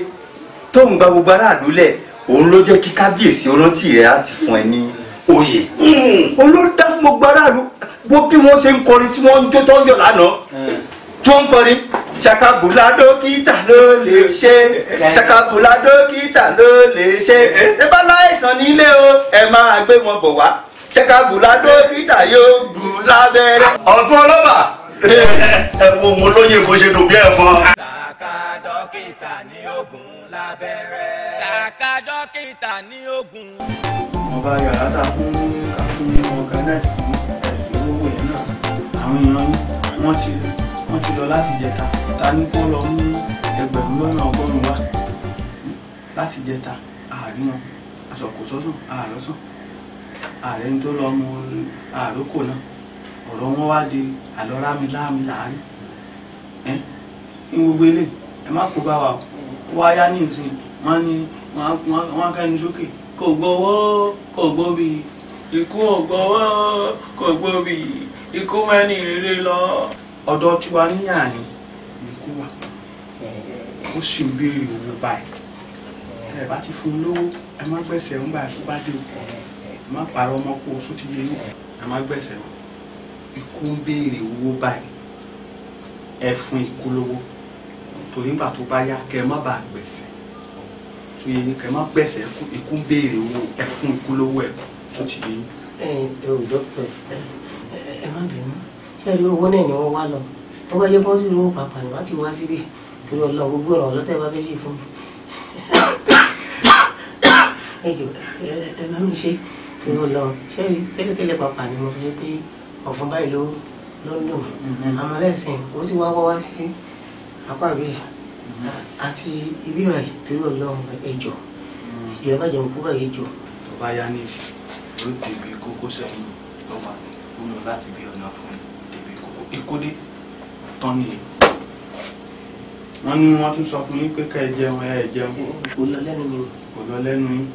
Speaker 2: tó ń gba gbogbo aráàlú lẹ̀ òun ló jẹ́ kí kábíyèsí rántí rẹ̀ á ti fún ẹ ní oyè hmm. òun ló dá fún gbogbo aráàlú wo bí wọ́n ṣe ń kọrin tí wọ́n ń jó tó ń yọ̀ lánàá hmm. tí wọ́n ń kọrin ṣàkàbùlà dókítà ló lè ṣe ṣàkàbùlà dókítà ló lè ṣe ẹ bá láìsàn nílé o ẹ máa gbé wọn bọ̀ wá ṣàkàbùlà dókítà yóò gùn lábẹ́rẹ́. ọ̀tún ọlọ́ba
Speaker 1: ẹ wo mo lóye bó ṣe dùn bí ẹ̀fọn. ṣàkà dókítà ní ogun lábẹ́rẹ́.
Speaker 2: dọkịta dókítà ní ogun. wọn yàrá ta fún káfíń ní ọgánáìsì fún ìdíwọ́wò yẹn náà àwọn èèyàn wọn ti ti lọ láti jẹta ta ní kó lọ mú ẹgbẹ̀rún lọ́nà ọgọ́rùn-ún láti jẹta ààrẹ ń tó lọ mú náà ọ̀rọ̀ wọn wá di àlọ́ rámi wáyá ní ìsìn wọn ni wọn ká ẹni sókè kò gbọ́wọ́ kò gbóbi ikú ò gbọ́wọ́ kò gbóbi ikú mẹ́ni rere lọ. ọ̀dọ̀ tiwa ní àná ikú wà ó sì ń béèrè owó báyìí ẹ bá ti fún un lówó ẹ má gbẹ̀sẹ̀ ń gbà tó bá dé o má parọ́ ọmọ kó o sún yé yín ẹ má gbẹ̀sẹ̀ ikú ń béèrè owó báyìí ẹ fún ikú lówó torí nígbà tó bá yá kẹ́ ẹ má bàa gbẹ̀sẹ̀ tó yẹ yín kẹ́ ẹ má gbẹ̀sẹ̀ ikú ń béèrè owó ẹ fún ikú lówó ẹ tó ti yẹ yín. ẹ ẹ ò dọ́pẹ́
Speaker 4: ẹ má bínú ṣé rí owó náà
Speaker 5: ni wọ́n wá lọ tó bá yẹ bọ́sì lówó pàápàá ni wọ́n ti wá síbí torí ọlọ́ gbogbo ọ̀rọ̀ ọlọ́tẹ̀ bá fẹ́ ṣe fún
Speaker 2: mi. ẹ jọ ẹ má mi ṣe torí ọlọ́ ṣé rí tẹ́lẹ̀tẹ́lẹ̀ pàápàá ni mo fi pé ọ̀fun báyìí ló ń dùn mm-hmm. àmọ́ lẹ́sìn ó ti wá wá wá sí apá rẹ̀ àti ibi báyìí torí ọlọ́run ẹjọ́ ìjọ ẹ má jẹun kú báyìí jọ. tó bá yá ní ìsìn ló débi kókó sẹ́yìn ló wà ó lọ láti bí ọ̀nà fún débi kókó ìkódé tán ni wọ́n ní wọ́n tún sọ fún yín pé ká ẹ jẹun ẹ jẹun. kò lọ lẹ́nu mi. kò lọ lẹ́nu yín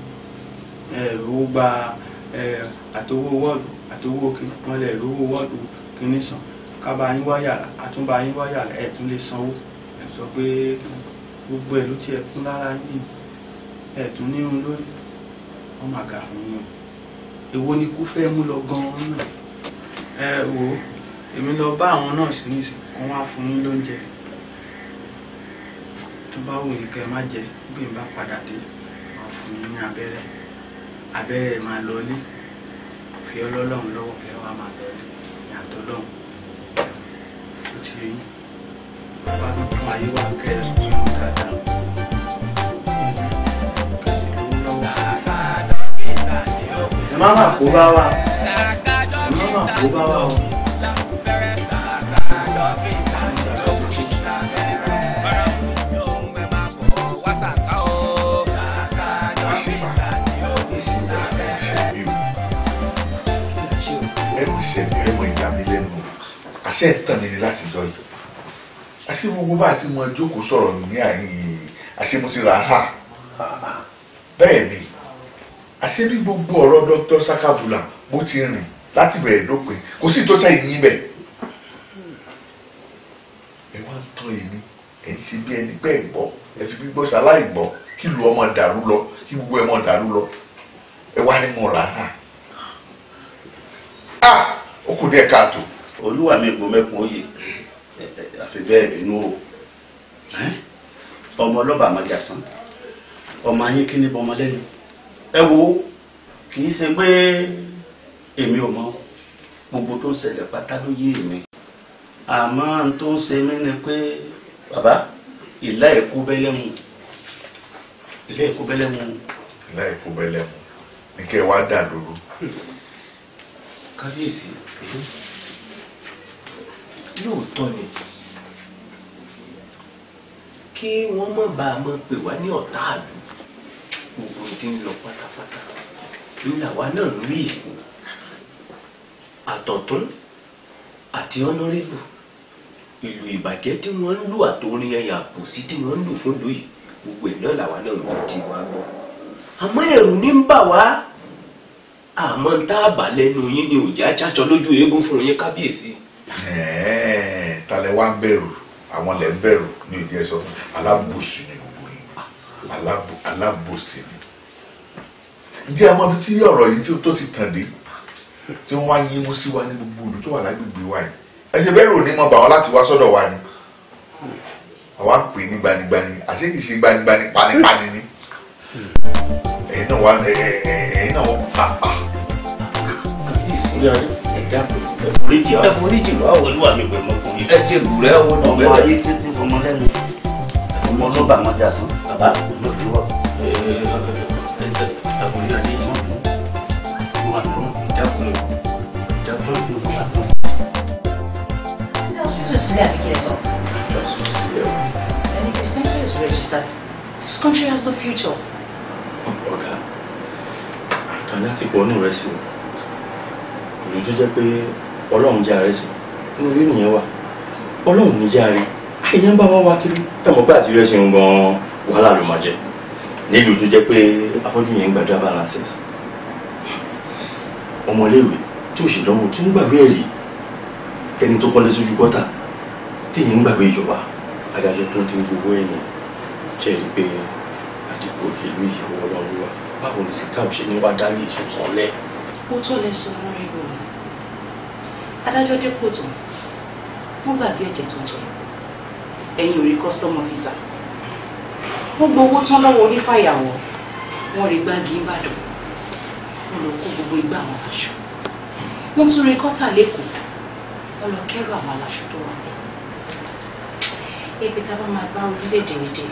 Speaker 2: ẹ rówó gba àtowó wọ́ọ̀dù àtowó òkè wọ́n lè rówó wọ́ọ̀dù kìíní san ká bá yín wáyà àtúnbá yín wáyà ẹ̀ tún lè sanwó sọ pé gbogbo ẹ̀ ló tiẹ̀ kún lára yìí ẹ̀ tún ní irun lórí wọ́n máa gà fún yín èwo ni kú fẹ́ mú lọ gan-an náà ẹ wò ó èmi lọ bá àwọn nọ́ọ̀sì ní ìsìn kan wá fún yín lóúnjẹ tó bá wù yín kẹ má jẹ bí n bá padà dé máa fún yín ní abẹ́rẹ́ abẹ́rẹ́ máa lọlé fi ọlọ́lọ́run lọ́wọ́ ẹ wá máa lọlé ìyàtọ̀ lọ́hùn
Speaker 1: ó ti yẹ yín mama kò
Speaker 2: mama kò bá wa ni láti jọ ìjọba àṣé gbogbo bá ti mọ jókòó sọ̀rọ̀ ní àyìn àṣé mo ti ra ha bẹ́ẹ̀ ni àṣé bí gbogbo ọ̀rọ̀ dr sakabula bó ti rìn láti bẹ̀rẹ̀ dópin kò sí tó sẹ́yìn yín bẹ̀. ẹ wá ń tọ́ èmi ẹ ń ṣe bí ẹni bẹ́ẹ̀ gbọ́ ẹ fi gbígbọ́ ṣaláì gbọ́ kí lu ọmọ dàrú lọ kí gbogbo ẹ mọ dàrú lọ ẹ wá ní mo rà á. Ah! ó kù díẹ̀ káàtó. olúwa mi gbọ́ mẹ́kun ó yè fi bẹ́ẹ̀ bínú o ọmọ ọlọ́ba àmọ́jà san ọmọ ayín kí ni bọ́ ọmọ lẹ́nu ẹ wo kì í ṣe pé èmi ò mọ gbogbo tó ń ṣẹlẹ̀ pátá ló yé èmi àmọ́ tó ń ṣe mí ni pé bàbá ìlà ẹ̀kú bẹ́lẹ́mu ìlà ẹ̀kú bẹ́lẹ́mu. ìlà ẹ̀kú bẹ́lẹ́mu ní kẹ́ ẹ wá dà lóru. kábíyèsí lóòótọ́ ni kí wọ́n mọ̀ bá a mọ̀ pè wá ní ọ̀tá àlù gbogbo tí ń lọ pátápátá ńláwa náà rí ìkó àtọ̀tún àti ọ̀nọ́rẹ́bù ìlú ìbàjẹ́ tí wọ́n ń lù àtòrin ẹ̀yà àpòsí tí wọ́n ń lù fún lóyè gbogbo ẹ̀ náà làwa náà ń ti wá gbọ́ àmọ́ ẹ̀rù ní ń bà wá àmọ́ ń tá àbà yín ni òjá ṣàṣọ lójú eégún fún yín kábíyèsí. ẹ̀ẹ́ talẹ̀ wá bẹ̀rù àwọn lẹ ń bẹ̀rù ní ìjẹ sọ alábòsí ni gbogbo yìí alábòsí ni ǹjẹ́ àwọn ibi tí ọ̀rọ̀ yìí tó ti tàn dé tí wọ́n wá yín mú sí wa ní gbogbo olú tó wà lágbègbè wa yìí ẹ ṣe bẹ́ẹ̀ rò ní mọ̀ bà wọ́n láti wá sọ́dọ̀ wa ni àwa pè ní gbanigbani àṣé kìí ṣe gbanigbani panipani ni ẹ̀yin náà wà ẹ̀yin náà wọ́n pa pa dákun ẹ̀fọ́ríjì wa ẹ̀fọ́ríjì wa o olúwa mi ìlú tó jẹ́ pé ọlọ́run jẹ́ ààrẹ sí inú rí nìyẹn wà ọlọ́run ní jẹ́ ààrẹ àìyẹn ń bá wá wá kiri tẹ̀mọ́ pé àti rẹ̀ ṣe ń gan wàhálà ló máa jẹ nílùú tó jẹ́ pé afọ́jú yẹn ń gba driver license ọmọléèwé tí ò ṣèdánwò tí ń gbàgbé ẹ̀rí ẹni tó kọ́lé sójú gọ́tà tí yìí ń gbàgbé ìjọba adájọ́ tó ń ti gbogbo ẹ̀yìn jẹ́ rí pé àdìgbò ìlú ìyàwó ọlọ́run wà báwo ni síkà ò ṣe dárí ìsúnsán lẹ́.
Speaker 5: ó tọ́ lẹ sọ̀rọ̀ adájọ́ dé kóòtù wọ́n gbàgbé ẹ̀jẹ̀ tó jẹ ẹ̀yìn ò rí custom officer wọ́n gbowó tán lọ́wọ́ onífàyàwọ́ wọ́n rí gbági ìbàdàn wọ́n lọ kó gbogbo igbá àwọn aṣọ wọ́n tún rí kọ́tà lẹ́kọ̀ọ́ wọ́n lọ kẹ́rù àwọn aláṣọ tó wà ní. ebi tá a bá máa bá orílẹ̀-èdè èdè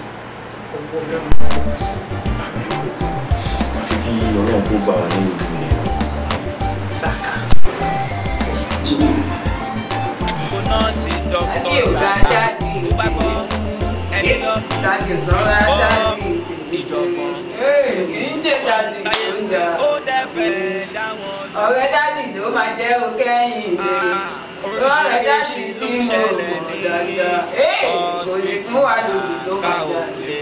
Speaker 5: owó ọlọ́run bá wọ́n sí.
Speaker 2: kí ọlọ́run kó bá wa ní ìlú yẹn.
Speaker 1: sàkà sùn. kò náà sí dr sata tó bá gbọ́ ẹni ọ̀tún bọ́ ìjọ̀gbọ́n. kì í ṣe dadi ló ń jà. ó dẹ̀ fẹ́ dáwọn. ọ̀rẹ́ dadi ló máa jẹ́ o kẹ́yìn lè. ọ̀rẹ́ dadi ló ṣẹlẹ̀ ní hospital ká ò lè.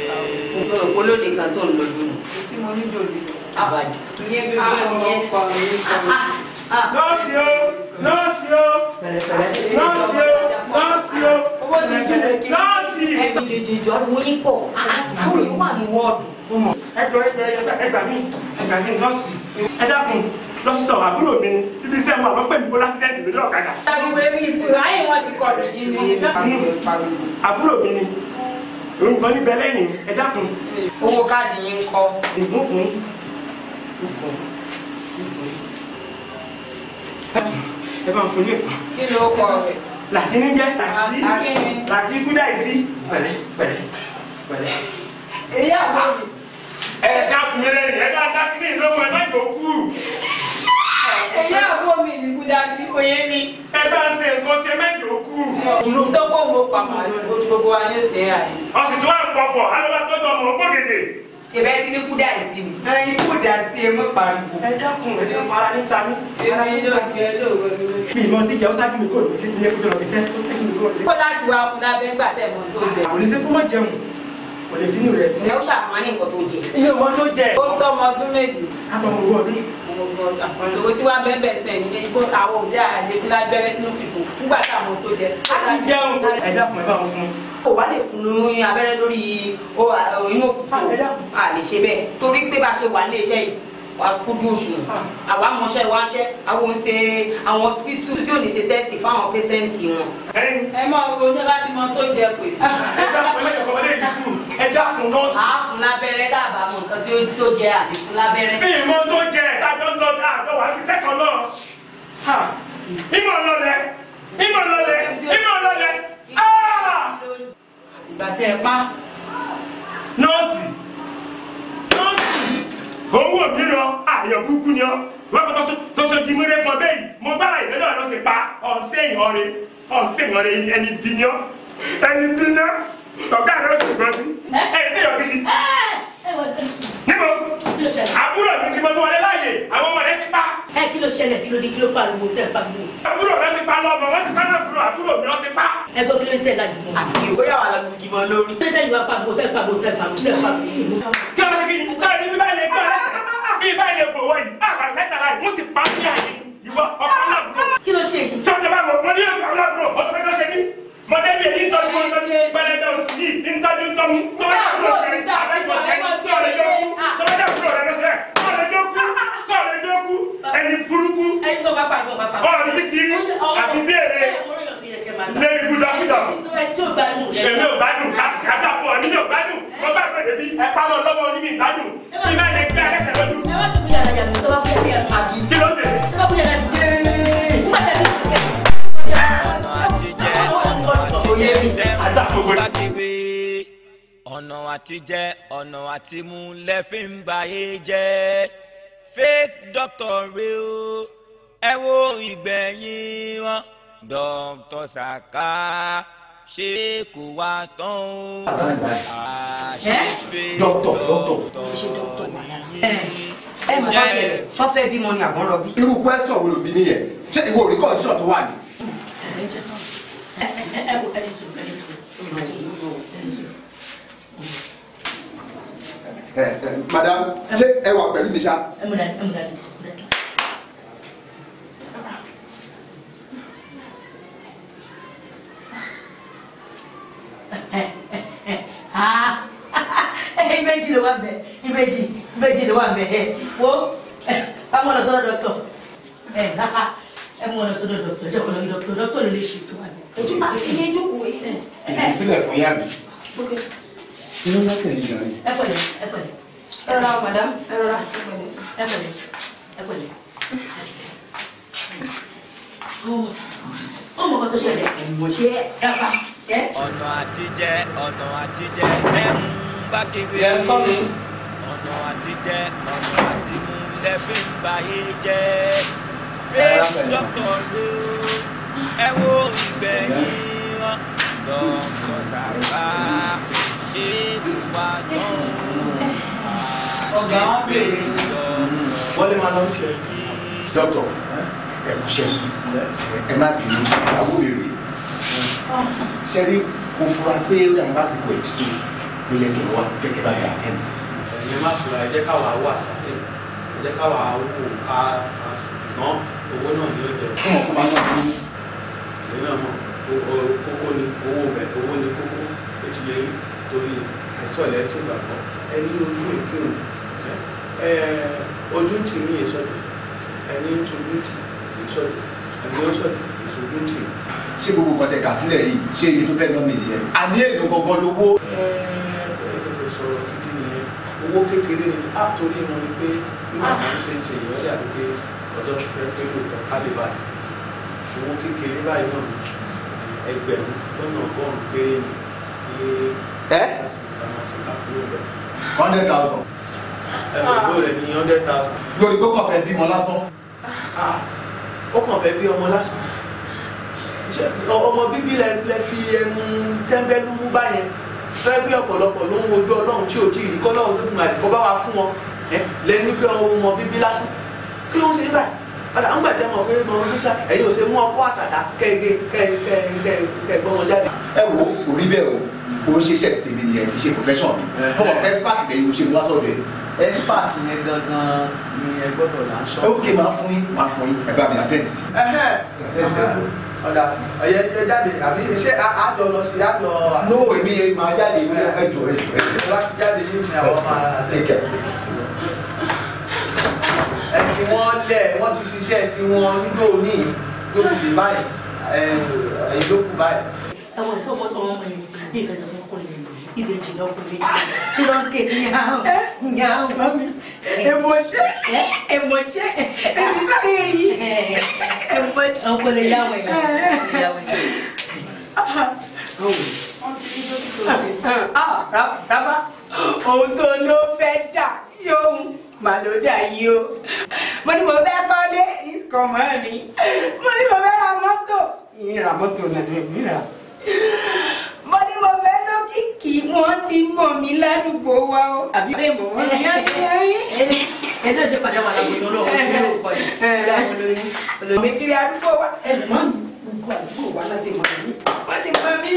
Speaker 5: olóde kan tó ń lọ lónìí.
Speaker 1: tí mo ní jòlè.
Speaker 5: àbájá. ìyẹn gbogbo ìyẹn
Speaker 1: nọ́ọ̀sì o nọ́ọ̀sì o nọ́ọ̀sì o
Speaker 5: nọ́ọ̀sì o nọ́ọ̀sì. ẹgbẹ́ jẹjẹ jọ mú yín pọ̀ tó yín
Speaker 2: wà ní wọ́ọ̀dù. ẹgbẹ́ ẹgbẹ́ ẹgbẹ́ mi ẹgbẹ́ mi nọ́ọ̀sì ẹ dákun lọ́sítọ̀ àbúrò mi ni títí sẹ́ mo àwọn pẹ̀lú lásìdẹ́ǹtì lórí ọ̀kadà. àgbègbè mi ìbúráyè wọn ti kọlù
Speaker 1: yìí ni. àbúrò mi ni òun kan níbẹ̀ lẹ́yìn ẹ dákun. owó káàdì yín ń kọ. ìmú fún yín
Speaker 2: ẹ bá ń fún ní ìpà.
Speaker 1: kí ló kọ rẹ. làtí ní jẹ́ làtí ikú dà sí pẹ̀lẹ́ pẹ̀lẹ́ pẹ̀lẹ́. èyí àwọn mi. ẹ ṣe àfùmílẹ̀ rẹ̀ ẹ bá dákìlì lọ́wọ́ ẹ má jò kú. èyí àwọn mi ikú dà sí oyè ni. ẹ bá ṣe nǹkan ṣe má jò kú. tọ́pọ̀ mo pa màálù gbogbo wa ní ìsìn àyè. ọ̀sìn tí wọ́n á pọ̀ fọ̀ alẹ́ bá tọ́jú ọmọ ògbógede ṣẹbẹ ti ní kúdà sí mi. ẹyin kúdà sí ẹ mọ pariwo. ẹ dákun ẹ dẹ́kun
Speaker 2: ara níta mi. èmi ló ti ẹ lóòrò mi. mi ìmọ̀ ti jẹ́ ọ́ sáájú mi kò ní fi ilé kúdà lọ́bí sẹ́ ó sì mi kò
Speaker 1: ní. kó láti wá fún lábẹ́ ńgbà tẹ̀ mọ́ tó jẹ. àwọn
Speaker 2: oníṣẹ́ kó má jẹun kò lè fi inú rẹ̀ sí. ẹ ó
Speaker 1: ṣàfihàn nǹkan tó jẹ. iye ọmọ tó jẹ. ó tọ́ ọmọ ọdún méjì. àtọmọ ogún ọdún sòwò tí wà bẹ́ẹ̀ sẹ̀ ní igbó àwọn òbí àyè fúnlábẹ́rẹ́ tí ó fìfò nígbà táwọn tó jẹ. a ti jẹun ẹ̀dá kan ẹ bá wọn fún kò wá lè fún un abẹ́rẹ́ lórí inú
Speaker 2: òfúfú ah, a lè ṣe bẹ́ẹ̀ torí pé bá a ṣe wà nílé iṣẹ́ yìí kúdú oṣù ah. àwa mọṣẹ́ wáṣẹ́ àwọn ń ṣe àwọn hospital tí ò ní ṣe test fáwọn pẹ́sẹ́ǹtì wọn.
Speaker 1: ẹ máa wo oúnjẹ láti mọ tó jẹ pé. ẹ dákun ẹ dákun ẹ dákun ẹ dákun nọ́ọ̀sì. a fún lábẹ́rẹ́ dábàá mọ nǹkan tí ó tó jẹ àbí fún lábẹ́rẹ́. mi ìmọ̀ tó jẹ ẹ̀ sáà dán lọ́dà àtọwà ti sẹ́kọ̀ọ́ náà. ìmọ̀ lọlẹ̀ ìmọ̀ lọlẹ̀ ìmọ̀ lọlẹ̀. Ah!
Speaker 2: ìgbà tẹ ẹ pa.
Speaker 1: nọ́ọ̀sì nọ́ọ̀sì owó mi lọ àyàn kúkú ni ọ wákàtí tó ṣe di múre pọ̀ bẹ́ẹ̀ mo bá ìdẹ́dọ̀ lọ́sẹ̀ pa ọ̀sẹ̀ ìhọ́re ọ̀sẹ̀ ìhọ́re ẹni bí ni ọ ẹni bí náà ọ̀gá rẹ̀ sì gbọ́ sí ẹ̀ sí ọ̀gidi. níbo àbúrò mi ti mọ́tò wọlé láàyè àwọn ọmọ rẹ̀ ti pa.
Speaker 5: ẹ kí ló ṣẹlẹ̀ kí ló dé kí ló fa ariwo tẹ̀ pa gbogbo. àbúrò rẹ̀ ti pa lọ́mọ wọ́n ti pa láàbúrò àbúrò mi wọ́n ti pa. ẹ gbọ́ kí ló tẹ̀ lájú mọ́. àbí o yà wà lálẹ́ jù mọ́ lórí. kí ló tẹ̀ yìí pariwo tẹ̀ pariwo tẹ̀ pariwo tẹ̀
Speaker 4: pariwo.
Speaker 1: kí ọmọ sẹ́kìnì sọ́ọ̀ni bí báyìí lè gbọ́ bí báyìí lè gbọ́ wọ̀nyí àgbàdo mẹ́ta láì mú sí pa kí ló ṣe yìí. sọ́ọ̀ni bá wọ̀ mọ́ ní àgbàdo mọdé bẹ ní tọ́jú wọn tọ́jú pẹlẹ dọ̀ sí ní tọ́jú tọ́mú tọ́jú kúrò kẹrì tọ́jú kúrò kẹrì sọ̀rọ̀ yóò kú tọ́jú kúrò rẹ̀ lọ́sẹ̀ sọ̀rọ̀ yóò kú sọ̀rọ̀ yóò kú ẹni burúkú ọ̀rọ̀ mi sì rí àfi béèrè lẹ́yìn ibùdó àfidọ̀ èmi ò gbádùn kájà fún ọ nínú ò gbádùn mo bá gbé débi ẹ pamọ́ lọ́wọ́ onímì ìgbádùn kí má lè gbé akẹ́kẹ́ lọ́dún. kí ló ṣe gbogbo ọ̀nà àtijẹ ọ̀nà àtimú lẹ́fí ń jẹ́ fake doctor rè o ẹ wo ìgbẹ̀yìn wọn Dr. Saka ṣé kò wá tán o àṣìfẹ́ dọ́tọ̀ dọ́tọ̀ nìyí ẹ mọ̀ bá ṣẹlẹ̀ bímọ
Speaker 4: ni àbọ̀n
Speaker 2: rọbí. irú pẹ́sọ̀ wo ló bí nìyẹn ṣé ìwọ òrí kọ́ndíṣọ̀ tó wà ní Eh, eh, madam ṣé ẹ wà pẹ̀lú mi ṣá. Eh,
Speaker 5: ìbejì ló wà bẹ ìbejì ìbejì ló wà bẹ ẹ wo báwọn lọ sọ́dọ̀ dọkítọ ẹ nafa ẹ mú lọ sọ́dọ̀ dọkítọ ẹ jẹ kọlọ yìí dọkítọ dọkítọ lè ṣe ìtura ẹ. ojú àti ilé jókòó yìí. ìdí sílẹ̀ fún yàrá inú bá tẹ̀lé jàre. ẹ pẹ̀lẹ́ ẹ pẹ̀lẹ́ ẹ rọra madam ẹ rọra ẹ
Speaker 1: pẹ̀lẹ́ ẹ pẹ̀lẹ́ ẹ pẹ̀lẹ́. ó mọ̀ kó tó ṣẹlẹ̀ ṣe ẹ fa. Eh? ọ̀nà àtijẹ ọ̀nà àtijẹ ẹ ń bá kiri ẹ rí ọ̀nà àtijẹ ọ̀nà àtimú lẹ́fí ń ba yé jẹ́ fake doctor ló ẹ wo ìgbẹ̀yìn ọ̀dọ́ kọ̀ọ̀sà bá ṣe wà lọ́hùn-ún àṣẹ
Speaker 2: pé
Speaker 3: dọ́kọ̀. dọ́kọ̀ ẹ kúṣẹ́ ẹ má bínú àwọn èrè ṣẹ́rí mo fura pé ó dàgbà lásìkò ètùtù ló yẹ kí n wá fẹ́ kí n bá mi
Speaker 2: àtẹ́ǹtì. ẹ̀yin má fura ẹ jẹ́ káwa wà sátẹ̀ ẹ jẹ́ káwa wò ká ṣùgbọ́n owó náà ni ó jẹ. fún ọkọ bá náà kú. ẹ̀yin náà mọ̀ kókó ni owó bẹ̀ owó ni kókó ó ti yẹ yín torí àìsọ̀lẹ̀ sí ìgbàgbọ́ ẹni ojú ìkírun ojú tì mí èsọ̀dù ẹni ojú tì èsọ̀dù ẹni ọ̀sọ̀dù èsojú tì mí. ṣé gbogbo nǹkan tẹ kà sílẹ̀ yìí ṣé èyí tó fẹ́ lọ nìyẹn àní èlò gangan lówó. ẹ ẹ ṣẹ̀ṣẹ̀ sọ̀rọ̀ gidi nìyẹn owó kékeré ni a torí wọn ni pé nínú àwọn ń ṣe èyí ọjà ló pé ọjọ́ fẹ́ pé lóòótọ́ kálíbà owó kékeré báyìí náà ẹgbẹ̀rún ẹ. Eh? hundred thousand. ẹ̀rọ rẹ̀ ní hundred thousand. lórí pé kò fẹ́ bímọ lásán. Ah, ó kàn fẹ́ bí ọmọ lásán ọmọ bíbí lẹ fi ẹmu tẹ́ńbẹ́lú mú báyẹn fẹ́ bí ọ̀pọ̀lọpọ̀ ló ń wojú ọlọ́run tí ò tí ì rí kọ́ lọ́run lókùnrin àdìkọ́ bá wa fún wọn eh, lẹ́ni pé ọmọ bíbí lásán kí ló ń ṣe níbàyìí padà ń gbàjẹ́ mọ̀ pé mọ̀ ní sá ẹ̀yin ò ṣe mú ọkọ àtàdá kẹ́ẹ̀gẹ́ kẹ́ẹ̀gẹ́ kẹ́ẹ̀gbọ́n wọn jáde. ẹ wo kò rí bẹ́ẹ̀ o o ṣe iṣẹ́ ti tèmi nìyẹn kì í ṣe profession mi ọmọ expert lẹ́yìn mo ṣe mo wá sọ̀rọ̀ ẹ. expert yẹn gangan ni ẹ gbọ́dọ̀ là ń sọ. ok máa fún yín máa fún yín ẹ bá mi attend sí. ọ̀dà ọ̀yẹ ẹ jáde àbí ṣé àjọ lọ sí àjọ. no èmi yẹn máa jáde ìwé ẹjọ ẹjọ ẹjọ. ìwà ti jáde ní ìsìn àwọn máa. ẹ fi wọ́n lẹ̀ wọ́n ti ṣiṣẹ́ tí wọ́n ń dò ní ìlú báyìí ìlú báyìí.
Speaker 5: ẹ̀wọ̀n tó bọ́ tó wọ́n mú yìí bí ìfẹsẹ̀ fún kò lè lò ibi ìjìnlẹ̀ ọkùnrin méjì tí ló ń ké yàrá
Speaker 1: yàrá bá mi. èmọ̀ṣẹ́ èmọ̀ṣẹ́ èmi sáré rí i èmọ̀ṣẹ́. ọkùnrin yàwó yàwó yàwó. rábà òun tó ló fẹ́ dà yóò mà ló dà yìí o mo ní mo fẹ́ kọ́lé ìkọ̀mọ́ mi mo ní mo fẹ́ ra mọ́tò ìyẹn ra mọ́tò náà mi ra mo ní mo fẹ́ lókìkí wọ́n ti mọ̀ mí ládùúgbò wa o. àbí bẹ́ẹ̀ mọ̀ wọ́n ní àbí. ẹ ló ṣe padà wà láwùjọ lọ́wọ́ kí ló kọ yìí. ọmọ ìkiri àdúgbò wa ẹ̀gbọ́n mi gbogbo àdúgbò wa láti mọ̀ mí. wọ́n ti mọ̀ mí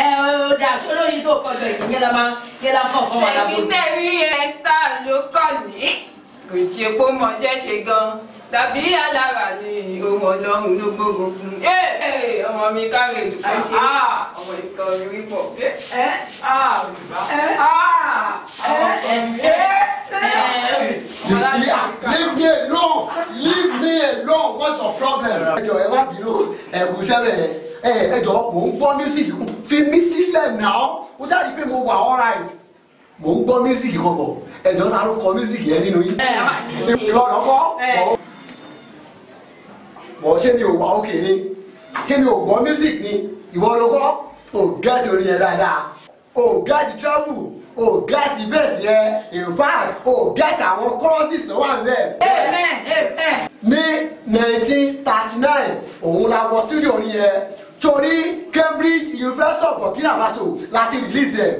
Speaker 1: ẹ ọ dà sọ́dọ̀ yìí tó kọjọ yìí yẹlẹ máa yẹlẹ kọ̀ fún wa lábọ́. ṣèbí ẹ̀ star ló kọ̀ ní. kò ṣe kó mọ̀ ṣẹ́ṣe gan-an tàbí alára ni ohun ọlọ́run ló gbógun fún ọmọ mi káre ìṣùpá ọmọ ìkan orí pọ̀ You see, leave me
Speaker 3: alone, leave me alone, what's your problem? ń gbọ́ music fi mí sílẹ̀ náà ó sáré pé mo wà alright mò ń gbọ́ mísíkì kan bọ̀ ẹ̀jọ́ ta ló kọ mísíkì yẹn nínú yín. ìrọ̀rọ̀ wọ́n ṣé mi ò wá òkè ni ṣé mi ò gbọ́ music ni ìwọ ló kọ́ ògá ti orin yẹn dáadáa ògá ti travel ògá ti bẹ́ẹ̀sì yẹn in fact ògá ti àwọn courses tó wà níbẹ̀. ní nineteen òun la wọ studio orin yẹn torí Cambridge University of Burkina Faso láti release ẹ̀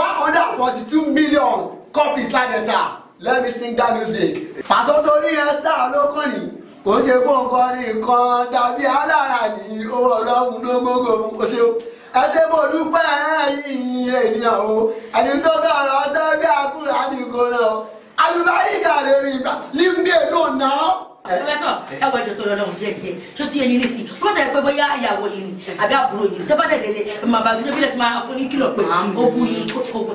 Speaker 3: one hundred forty two million copies ládẹ́ta let me sing that music. pàṣọ torí ẹ star ló kàn kò ṣe kó nǹkan ní nǹkan dàbí alára ní owó ọlọ́run ló gbogbo mu kò ṣe o ẹ ṣe mo dúpẹ́ ẹ̀yìn ènìyàn o ẹni tó tọrọ ọsẹ bí akúrò àdìgbò náà alùbárí ìgbà lè rí ìgbà lífúnni èlò náà. pẹ̀lẹ́sọ̀ ẹ wọ ẹjọ́ tó lọ lọ́hùn díẹ̀ díẹ̀ tó ti yẹn ní sí kó tẹ̀ pé bóyá ìyàwó yìí ni àbí àbúrò yìí tó bá tẹ̀ délé màbà
Speaker 5: bí sẹ́bílẹ̀ ti máa fún ní kìlọ̀ pé ogun yìí kò kò kò.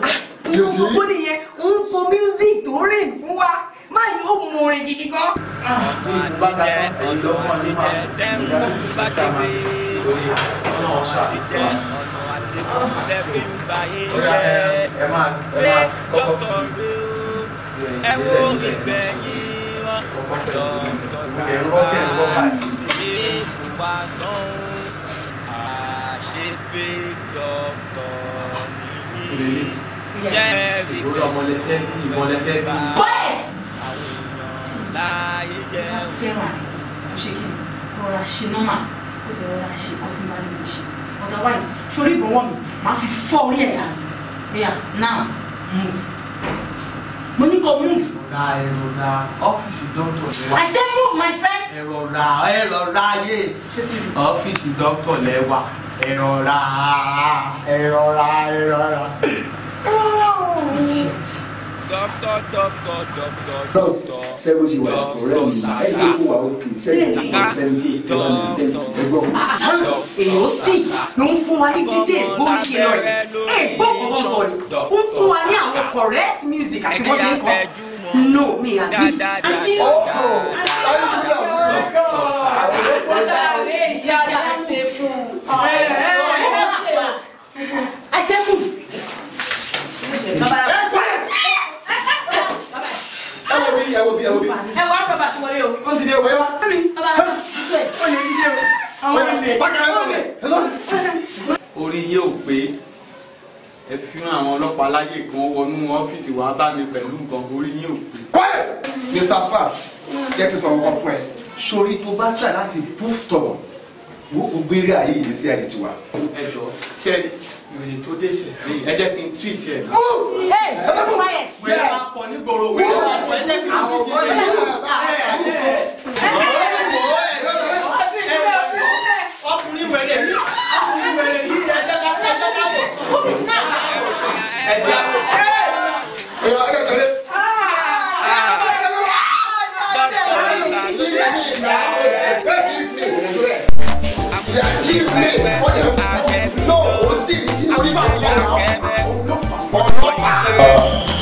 Speaker 5: nínú gbogbo nìyẹn ń fo music
Speaker 1: tó rìn fún wa máa yí ó mú orin gidi gan. ọmọ jẹ ọmọ ti jẹ dẹ́mu bá kébé ọmọ ti jẹ ọmọ àti kúlẹ̀ fi ń yé jẹ fẹ́ lọ́tọ̀ rí ẹ wo ìgbẹ̀yìn ọ̀dọ̀ tọ́sàbà ìdílé kò wá náà àṣefẹ́ dọ́tọ̀ nìyí. Yes. Yes. Yes. Yes. Yes. Yes. Yes. Yes láyé jẹ́ òun. wọ́n fẹ́ràn
Speaker 2: rẹ̀ kò ṣe kí ni
Speaker 5: rọra ṣe nọ́mà kó lè rọra ṣe nǹkan tí bá nílò ṣe otherwise sórí ìbọ̀wọ́ mi máa fi fọ́ orí ẹ̀ dànù bóyá now move
Speaker 2: mo ní kó move. ẹ̀rọ̀ra ẹ̀rọ̀ra ọ́fíìsì dọ́tọ̀ lẹ́wà. I say move my friend. ẹ̀rọ̀ra ẹ̀rọ̀ra ayé ọ́fíìsì dọ́tọ̀ lẹ́wà ẹ̀rọ̀ra
Speaker 3: ẹ̀rọ̀ra ẹ̀rọ̀ra ẹ̀rọ̀ra ooo
Speaker 2: plus sẹ́gun sì wà ọ̀rẹ́ mi ẹ̀ ló kó wa òkè sẹ́gun sì wà sẹ́ńdé ẹ̀wọ̀n mi tẹ̀sí ẹ̀gbọ́n mi.
Speaker 1: èèyàn sì ló ń fún wa ní dídé ìgbóni ṣe lọ rẹ ẹ gbọ́ kọ́kọ́ sọ ni ó ń fún wa ní àwọn correct music àti bó ṣe ń kọ no mi àbí àti ọkọ ọlọ́dọ̀ ọlọ́dọ̀ ọ̀dà rẹ̀ ìyá láti fún
Speaker 4: ọ̀rẹ́ rẹ̀ ẹ̀ṣẹ̀kù
Speaker 2: ẹwọ bi ẹwọ bi ẹwọ bi. ẹwọ apẹba ti wọlé o. o ti dé o. ọyọ ẹmi ọba àti
Speaker 1: ṣe o lè dídé o. àwọn ènìyàn bákan náà
Speaker 2: orí yé ò pé ẹ fi àwọn ọlọ́pàá láyè kan wọnú ọ́fíìsì wàá bá mi pẹ̀lú nǹkan orí yé ò pé. quiet mr spark jẹ́ kí n sọ̀rọ̀ kan fún ẹ sórí tó bá try láti prove stubborn wo gbogbo eré ayé ìdí sí ẹ̀rí tiwa. ẹ jọ ṣẹ́ni wèrè tó dé ṣe sí ẹ jẹ́ kí n tí ì ṣe náà.
Speaker 3: ẹ ẹ ẹ quiet. wèrè máa pọ̀
Speaker 2: nígboro wèrè máa pọ̀ ẹ jẹ́ kí n tí ì ṣe náà. ẹ ẹ ẹ ọkùnrin wèrè yìí ọkùnrin wèrè yìí ẹ jẹ́
Speaker 3: ká ẹ jẹ́ ká wò sùn. ẹ jẹ́ kó. Yeah, you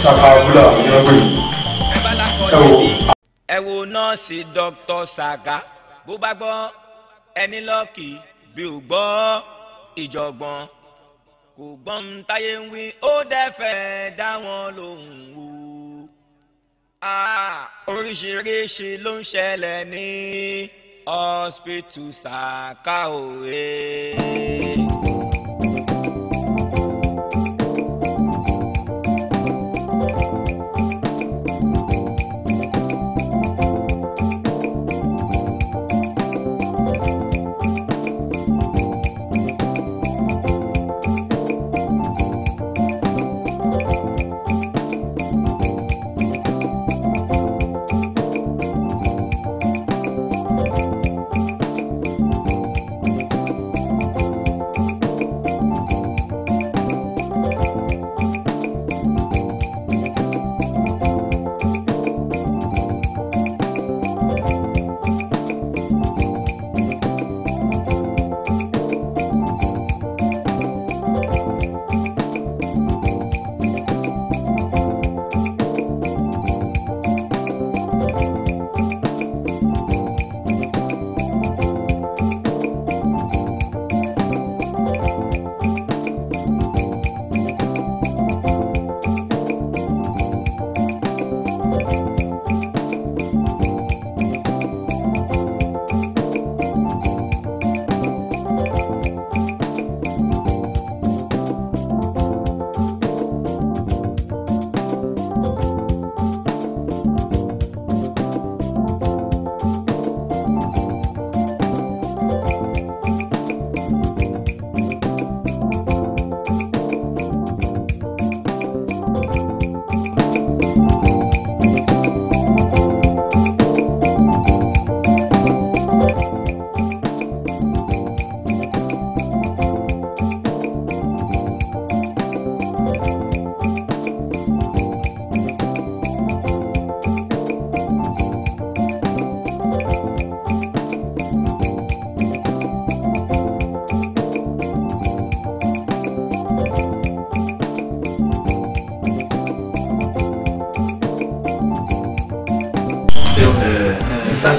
Speaker 3: sakabula yọgbẹ ẹ wo. ẹ wo nọ́ọ̀sì dr saka bó bá
Speaker 1: gbọ́ ẹni lọ́ọ̀kì bí ò gbọ́ ìjọ̀gbọ́n kò gbọ́n táyé ń wí ó dẹ́fẹ̀ dá wọn lóhùn wò ah, oríṣiríṣi ló ń ṣẹlẹ̀ ní hospital saka òwe.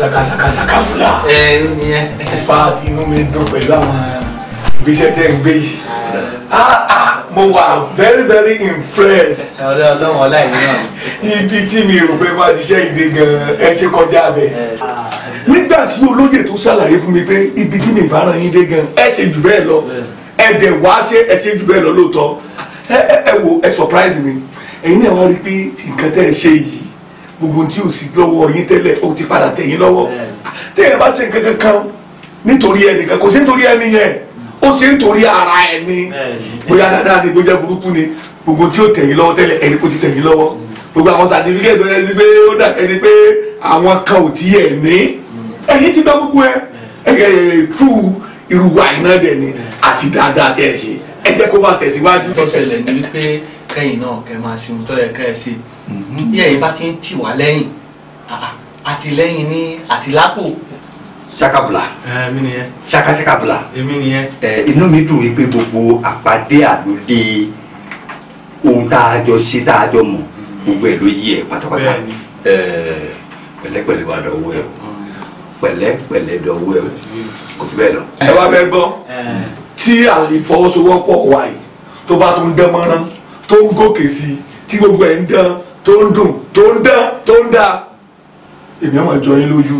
Speaker 2: ṣàkàṣàkàṣàkà fúlà. ẹ ló ní ẹ. ìfà tí inú mi dùn pẹ̀lú àwọn ìgbésẹ̀ tẹ́ ń gbé yìí. Ah, ah, mo very very impressed. ọlọ́ ọlọ́run ọlá ìlú náà. ibi tí mi rò pé máa ṣiṣẹ́ ìdè gan-an ẹ ṣe kọjá bẹ́ẹ̀. nígbà tí olóyè tó ṣàlàyé fún mi pé ibi tí mi bá ràn yín dé gan-an ẹ ṣe jù bẹ́ẹ̀ lọ ẹ dẹ̀ wá ṣe ẹ ṣe jù bẹ́ẹ̀ lọ lóòótọ́ ẹ wo ẹ surprise mi ẹ̀yin náà wá rí pé nǹkan tẹ́ ẹ ṣe yìí gbogbo tí o sì lọ́wọ́ yín tẹ́lẹ̀ o ti padà tẹ̀yìn lọ́wọ́ téèyàn bá ṣe nǹkan kankan nítorí ẹnìkan kò ṣe nítorí ẹni yẹn ó ṣe nítorí ara ẹni bóyá dáadáa ni bóyá burúkú ni gbogbo tí o tẹ̀yìn lọ́wọ́ tẹ́lẹ̀ ẹni kò ti tẹ̀yìn lọ́wọ́ gbogbo àwọn certificate tó yẹ sí pé ó dà ẹni pé àwọn kan ò tí ẹ̀ ní ẹ̀yìn ti gbọ́ gbogbo ẹ ẹ̀yẹ true irú wa iná dẹ̀ ni àti dáadáa tẹ̀ ṣe ẹ jẹ́ kó máa tẹ̀síwájú. tó ṣẹlẹ̀ ni wípé kẹ́yìn náà kẹ́ máa ṣe ohun tó yẹ ká ẹ ṣe Mhm. bí ẹ̀yin bá ti ń tì wá lẹ́yìn àtìlẹ́yìn ní àtìlápò. ṣakabula ṣakaṣakabula inú mi dùn wípé gbogbo àpàdé àlòdì ohun tá a jọ ṣe tá a jọ mọ̀ gbogbo ẹ̀ ló yí ẹ̀ pátápátá pẹ̀lẹ́pẹ̀lẹ́ wà lọ́wọ́ ẹ̀ o pẹ̀lẹ́pẹ̀lẹ́ dọ̀wọ́ ẹ̀ kò fi bẹ́ẹ̀ lọ. ẹ wá bẹ gbọ́ tí àìfọwọ́sowọ́pọ̀ wà yìí tó bá tún dán mọ́rán tó ń gòkè sí i tí gbogbo ẹ̀ ń dán tó ń dùn tó ń dán tó ń dáa èmi àwọn ìjọ yín lójú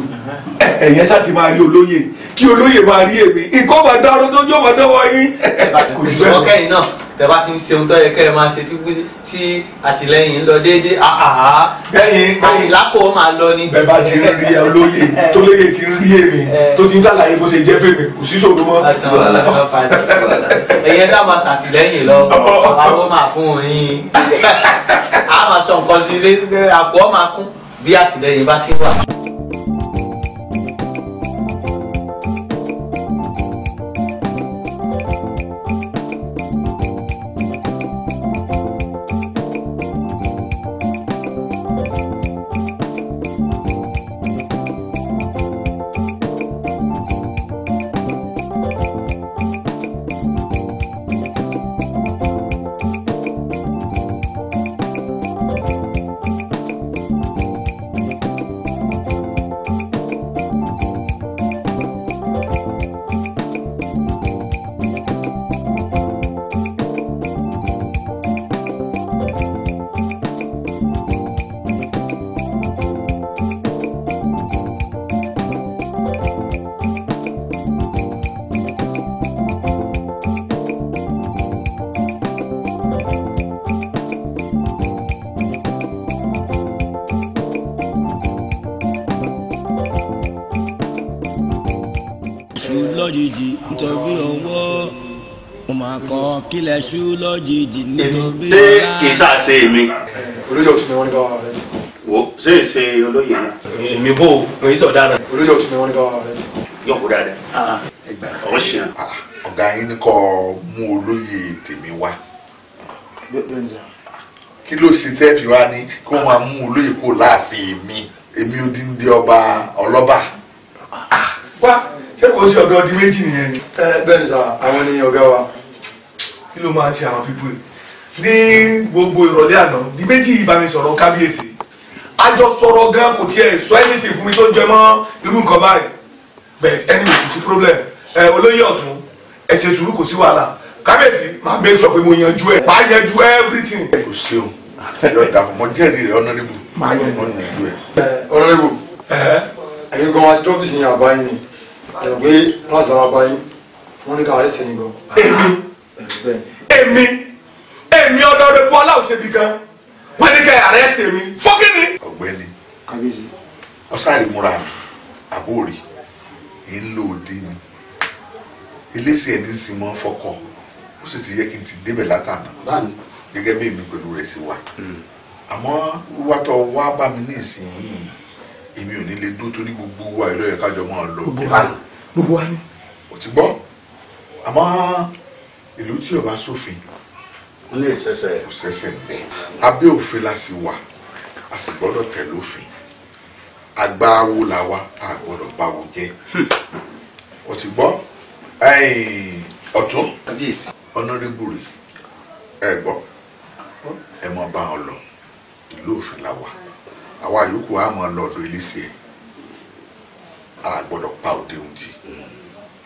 Speaker 2: ẹ̀yẹn sá ti máa rí olóyè kí olóyè máa rí èmi ìkọ́ máa dáró tó ń jọ́ máa dáwọ́ yín kò jù bẹ́ẹ̀ lọ tẹ́bá ti ń ṣe ohun tó yẹ kẹ́ máa ṣe tí àtìlẹ́yìn lọ déédéé àhàhà bẹ́yìn bẹ́yìn lápò máa lọ ni. bẹ́ẹ̀ bá ti rí olóyè tó lóyè ti rí èmi tó ti ń ṣàlàyé bó ṣe jẹ́ fèmí kò sí ṣòro mọ́. ẹ̀yẹ sá máa ṣàtìlẹ́yìn lọ àwọn máa fún un a máa sọ nǹkan sí ilé àpò ọ̀ máa kún bí àtìlẹ́yìn bá ti wà. kílẹ̀ ṣú lójijì nítorí ọ̀la. ṣé kì í ṣàṣe mi. olóyè òtún ni wọ́n ní bá wa rẹ. wo ṣé è ṣe olóyè náà. èmi bò mo yí sọ̀daràn. olóyè òtún ni wọ́n ní bá wa rẹ. yọkù dáadáa. ọ̀ ah. ṣe. Ah, ọ̀gá yín ni kò mú olóyè tèmi wá. kí ló ṣe tẹ́ẹ̀fì wá ní kí máa mú olóyè kó láàfin mi èmi ò dín ọba ọlọ́ba. Ah. wá ṣé kò sí ọ̀dọ́ ọdún méjì nìyẹn. ẹ eh, bẹ́ẹ̀ ni sà àwọn ni ọ̀gá wa ló máa ń ṣe àwọn pípọ̀ ní gbogbo ìrọ̀lẹ́ àná di méjì ìbá mi sọ̀rọ̀ kábíyèsí àjọ sọ̀rọ̀ gan kò tiẹ̀ sọ ẹ́nìtì fún mi tó jẹ mọ́ irú nǹkan báyìí but anyway kò sí problem ẹ olóyè ọ̀tún ẹ ṣe sùúrù kò sí wàhálà kábíyèsí máa make sure pé mo yanjú ẹ máa yanjú everything. kò sí o ẹyọ ìdàpọ̀ mọ jẹ́rìí rẹ̀ ọ̀nàdìbò
Speaker 3: máa yanjú ẹ. ọ̀nàdìbò
Speaker 2: èmi èmi ọlọ́dọ̀ kú aláwòṣebí kan wọ́n ní kẹ́ arrest mi fọ́kìnì. ọ̀gbẹ́ni kábíyèsí ọ̀sàrì múra mi àbórí èlò òde ni eléṣe ẹni sì mọ́ fọkọ ó sì ti yẹ kí n ti débẹ̀ látàná gẹ́gẹ́ bí èmi pẹ̀lú rẹ̀ sì wà hmm. àmọ́ wíwá tó wá bá mi ní ìsìn yìí èmi ò ní lè dúró torí gbogbo wa ìlọ́yẹ̀ká jọ máa lọ. gbogbo wa ni. o ti gbọ́ àmọ́ ìlú tí ọba sófin wọn lè ṣẹṣẹ kò ṣẹṣẹ bẹ́ẹ̀ abẹ́ òfin la sì wà a sì gbọ́dọ̀ tẹ̀lé òfin àgbà awo là wa a gbọ́dọ̀ báwo jẹ́ o hmm. ti gbọ́ ọ̀tún ọ̀nàrẹ́bù rè ẹ gbọ́ ẹ mọ bá wọn lọ ìlú òfin la wà àwa yòókù á mọ lọ ọ̀dọ̀ ilé a gbọ́dọ̀ pa òde ohun tí hmm.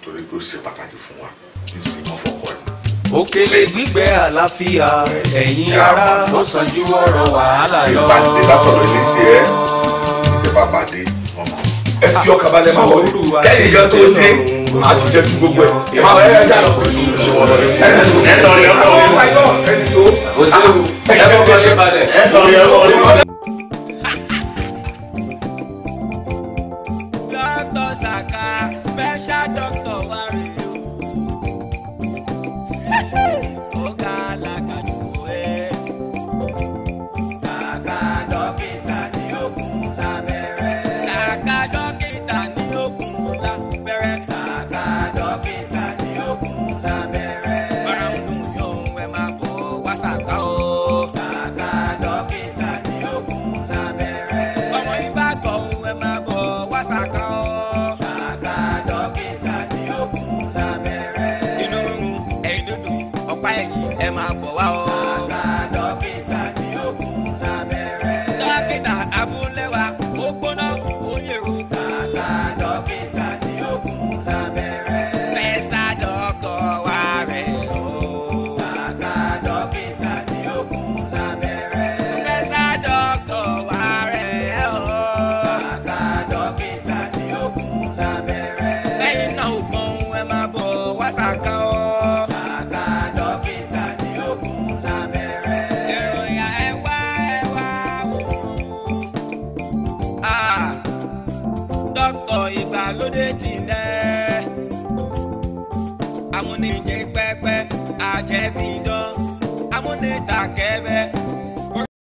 Speaker 2: torí pé ó ṣe pàtàkì fún wa ní sinmi ọfọkọ ẹ òkèlè gbígbẹ àlàáfíà ẹ̀yin ará ó sàn ju wàhálà lọ. ìgbà tí bá sí ẹ ìjọba pàdé ọmọ ẹ fi ọkàn balẹ̀ máa wọlé kẹ́yìn gan tó dé a ju gbogbo ẹ̀ ẹ máa wọlé ẹja lọ pẹ̀lú ìṣòwò lọ ẹ lọ ọkọ rẹ o oh ṣe ẹ lọ
Speaker 1: rí ọkọ ẹ lọ ọkọ rẹ. Doctor Saka, special doctor.